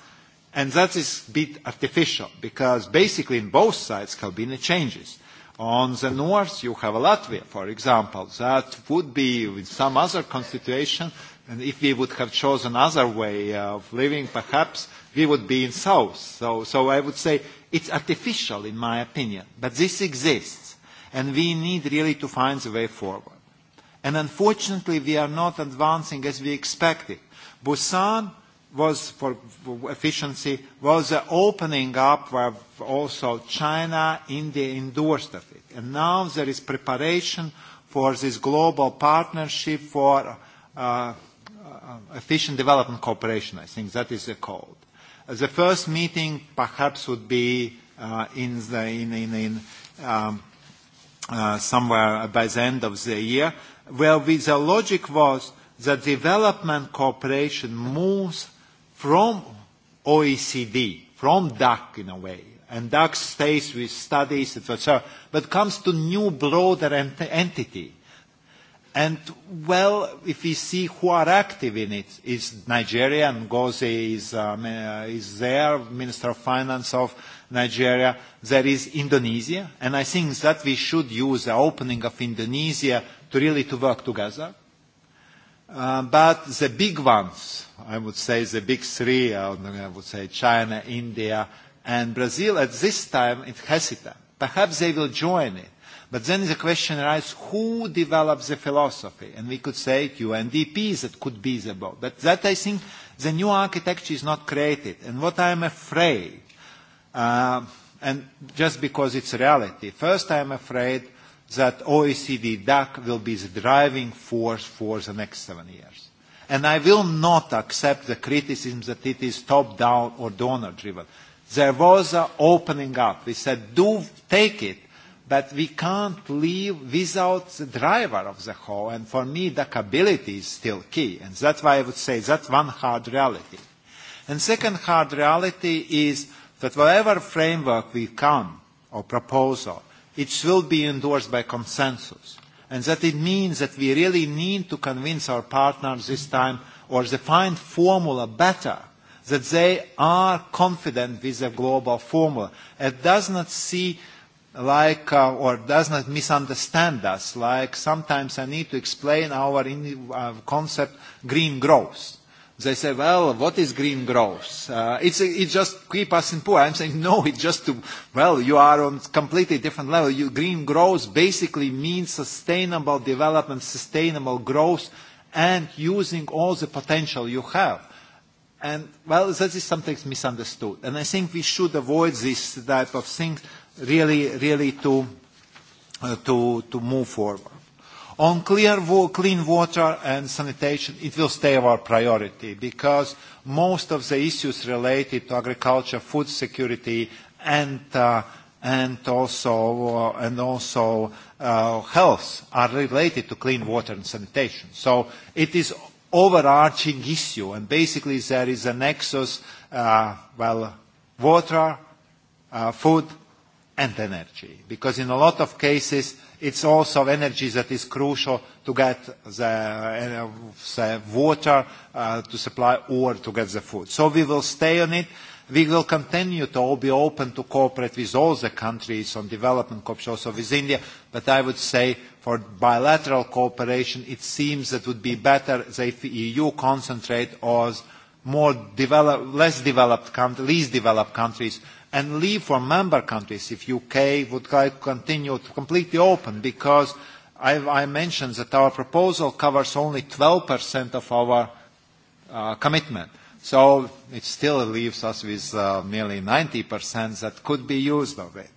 and that is a bit artificial because basically in both sides Kalbina changes. On the north, you have Latvia, for example. That would be with some other constitution, and if we would have chosen another way of living, perhaps we would be in south. So, so I would say it's artificial in my opinion, but this exists, and we need really to find the way forward. And unfortunately, we are not advancing as we expected. Busan was for efficiency was the opening up where also China, India endorsed of it. And now there is preparation for this global partnership for uh, efficient development cooperation. I think that is the code. The first meeting perhaps would be uh, in the, in, in, in, um, uh, somewhere by the end of the year, where we, the logic was that development cooperation moves from OECD, from DAC in a way, and DAC stays with studies, etc., but comes to new broader ent- entity And well, if we see who are active in it, is Nigeria, Ngozi is, um, uh, is there, Minister of Finance of Nigeria. There is Indonesia, and I think that we should use the opening of Indonesia to really to work together. Uh, but the big ones, I would say the big three, uh, I would say China, India, and Brazil, at this time it hesitant. Perhaps they will join it But then the question arises, who develops the philosophy? And we could say QNDPs, that could be the boat. But that, I think, the new architecture is not created. And what I am afraid, uh, and just because it's reality, first I am afraid that OECD DAC will be the driving force for the next seven years. And I will not accept the criticism that it is top-down or donor-driven. There was an opening up. We said, do take it But we can't live without the driver of the whole. And for me, duckability is still key. And that's why I would say that's one hard reality. And second hard reality is that whatever framework we come or proposal, it will be endorsed by consensus. And that it means that we really need to convince our partners this time or the find formula better that they are confident with the global formula It does not see like uh, or does not misunderstand us. Like sometimes I need to explain our in, uh, concept green growth. They say, well, what is green growth? Uh, it's it just keep us in poor. I'm saying no. It just to, well, you are on completely different level. You, green growth basically means sustainable development, sustainable growth, and using all the potential you have. And well, that is sometimes misunderstood. And I think we should avoid this type of things really, really to, uh, to, to move forward. On clear wo- clean water and sanitation, it will stay our priority because most of the issues related to agriculture, food security, and uh, and also uh, and also uh, health are related to clean water and sanitation. So it is overarching issue, and basically there is a nexus. Uh, well, water, uh, food, and energy. Because in a lot of cases, it's also energy that is crucial to get the, uh, the water uh, to supply or to get the food. So we will stay on it. We will continue to be open to cooperate with all the countries on development cooperation, also with India. But I would say for bilateral cooperation, it seems that it would be better if the EU concentrate on more develop, less developed countries, least developed countries and leave for member countries if UK would like to continue to completely open because I, I mentioned that our proposal covers only 12% of our uh, commitment. So it still leaves us with uh, nearly 90% that could be used of it.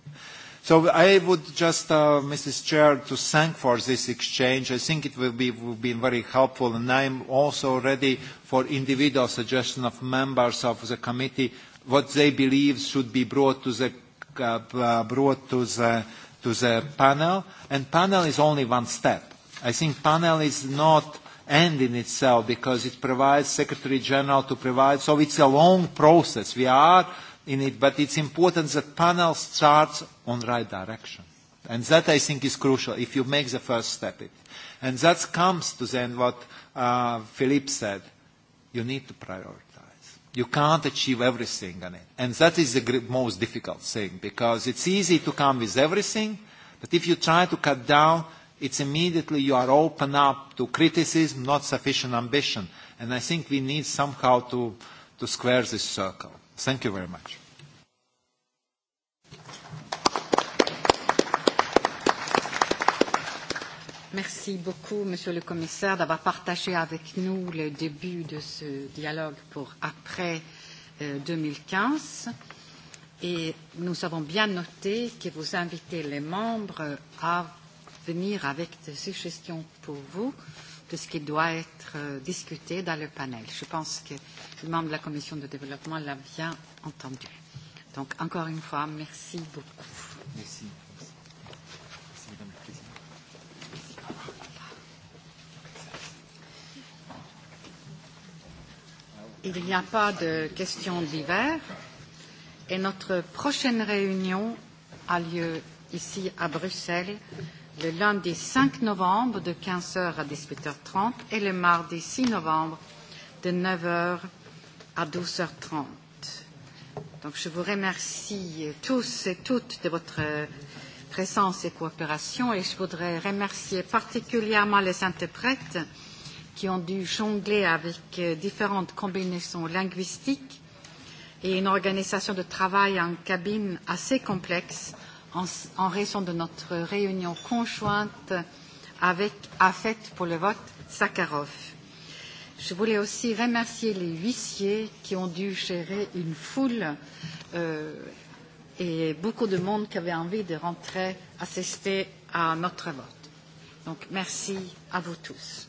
So I would just, uh, Mrs. Chair, to thank for this exchange. I think it will be, will be very helpful, and I am also ready for individual suggestion of members of the committee what they believe should be brought to the, uh, brought to the, to the panel. And panel is only one step. I think panel is not end in itself because it provides Secretary General to provide. So it's a long process. We are in it, but it's important that panel starts on the right direction. And that I think is crucial if you make the first step. It. And that comes to then what uh, Philippe said. You need to prioritize. You can't achieve everything on it. And that is the most difficult thing because it's easy to come with everything, but if you try to cut down, it's immediately you are open up to criticism, not sufficient ambition. And I think we need somehow to, to square this circle. Thank you very much. Merci beaucoup, Monsieur le Commissaire, d'avoir partagé avec nous le début de ce dialogue pour après euh, 2015. Et nous avons bien noté que vous invitez les membres à venir avec des suggestions pour vous de ce qui doit être discuté dans le panel. Je pense que le membre de la commission de développement l'a bien entendu. Donc encore une fois, merci beaucoup. Merci. Il n'y a pas de questions d'hiver et notre prochaine réunion a lieu ici à Bruxelles le lundi 5 novembre de 15h à 18h30 et le mardi 6 novembre de 9h à 12h30. Donc je vous remercie tous et toutes de votre présence et coopération et je voudrais remercier particulièrement les interprètes qui ont dû jongler avec différentes combinaisons linguistiques et une organisation de travail en cabine assez complexe en, en raison de notre réunion conjointe avec AFET pour le vote Sakharov. Je voulais aussi remercier les huissiers qui ont dû gérer une foule euh, et beaucoup de monde qui avait envie de rentrer assister à notre vote. Donc merci à vous tous.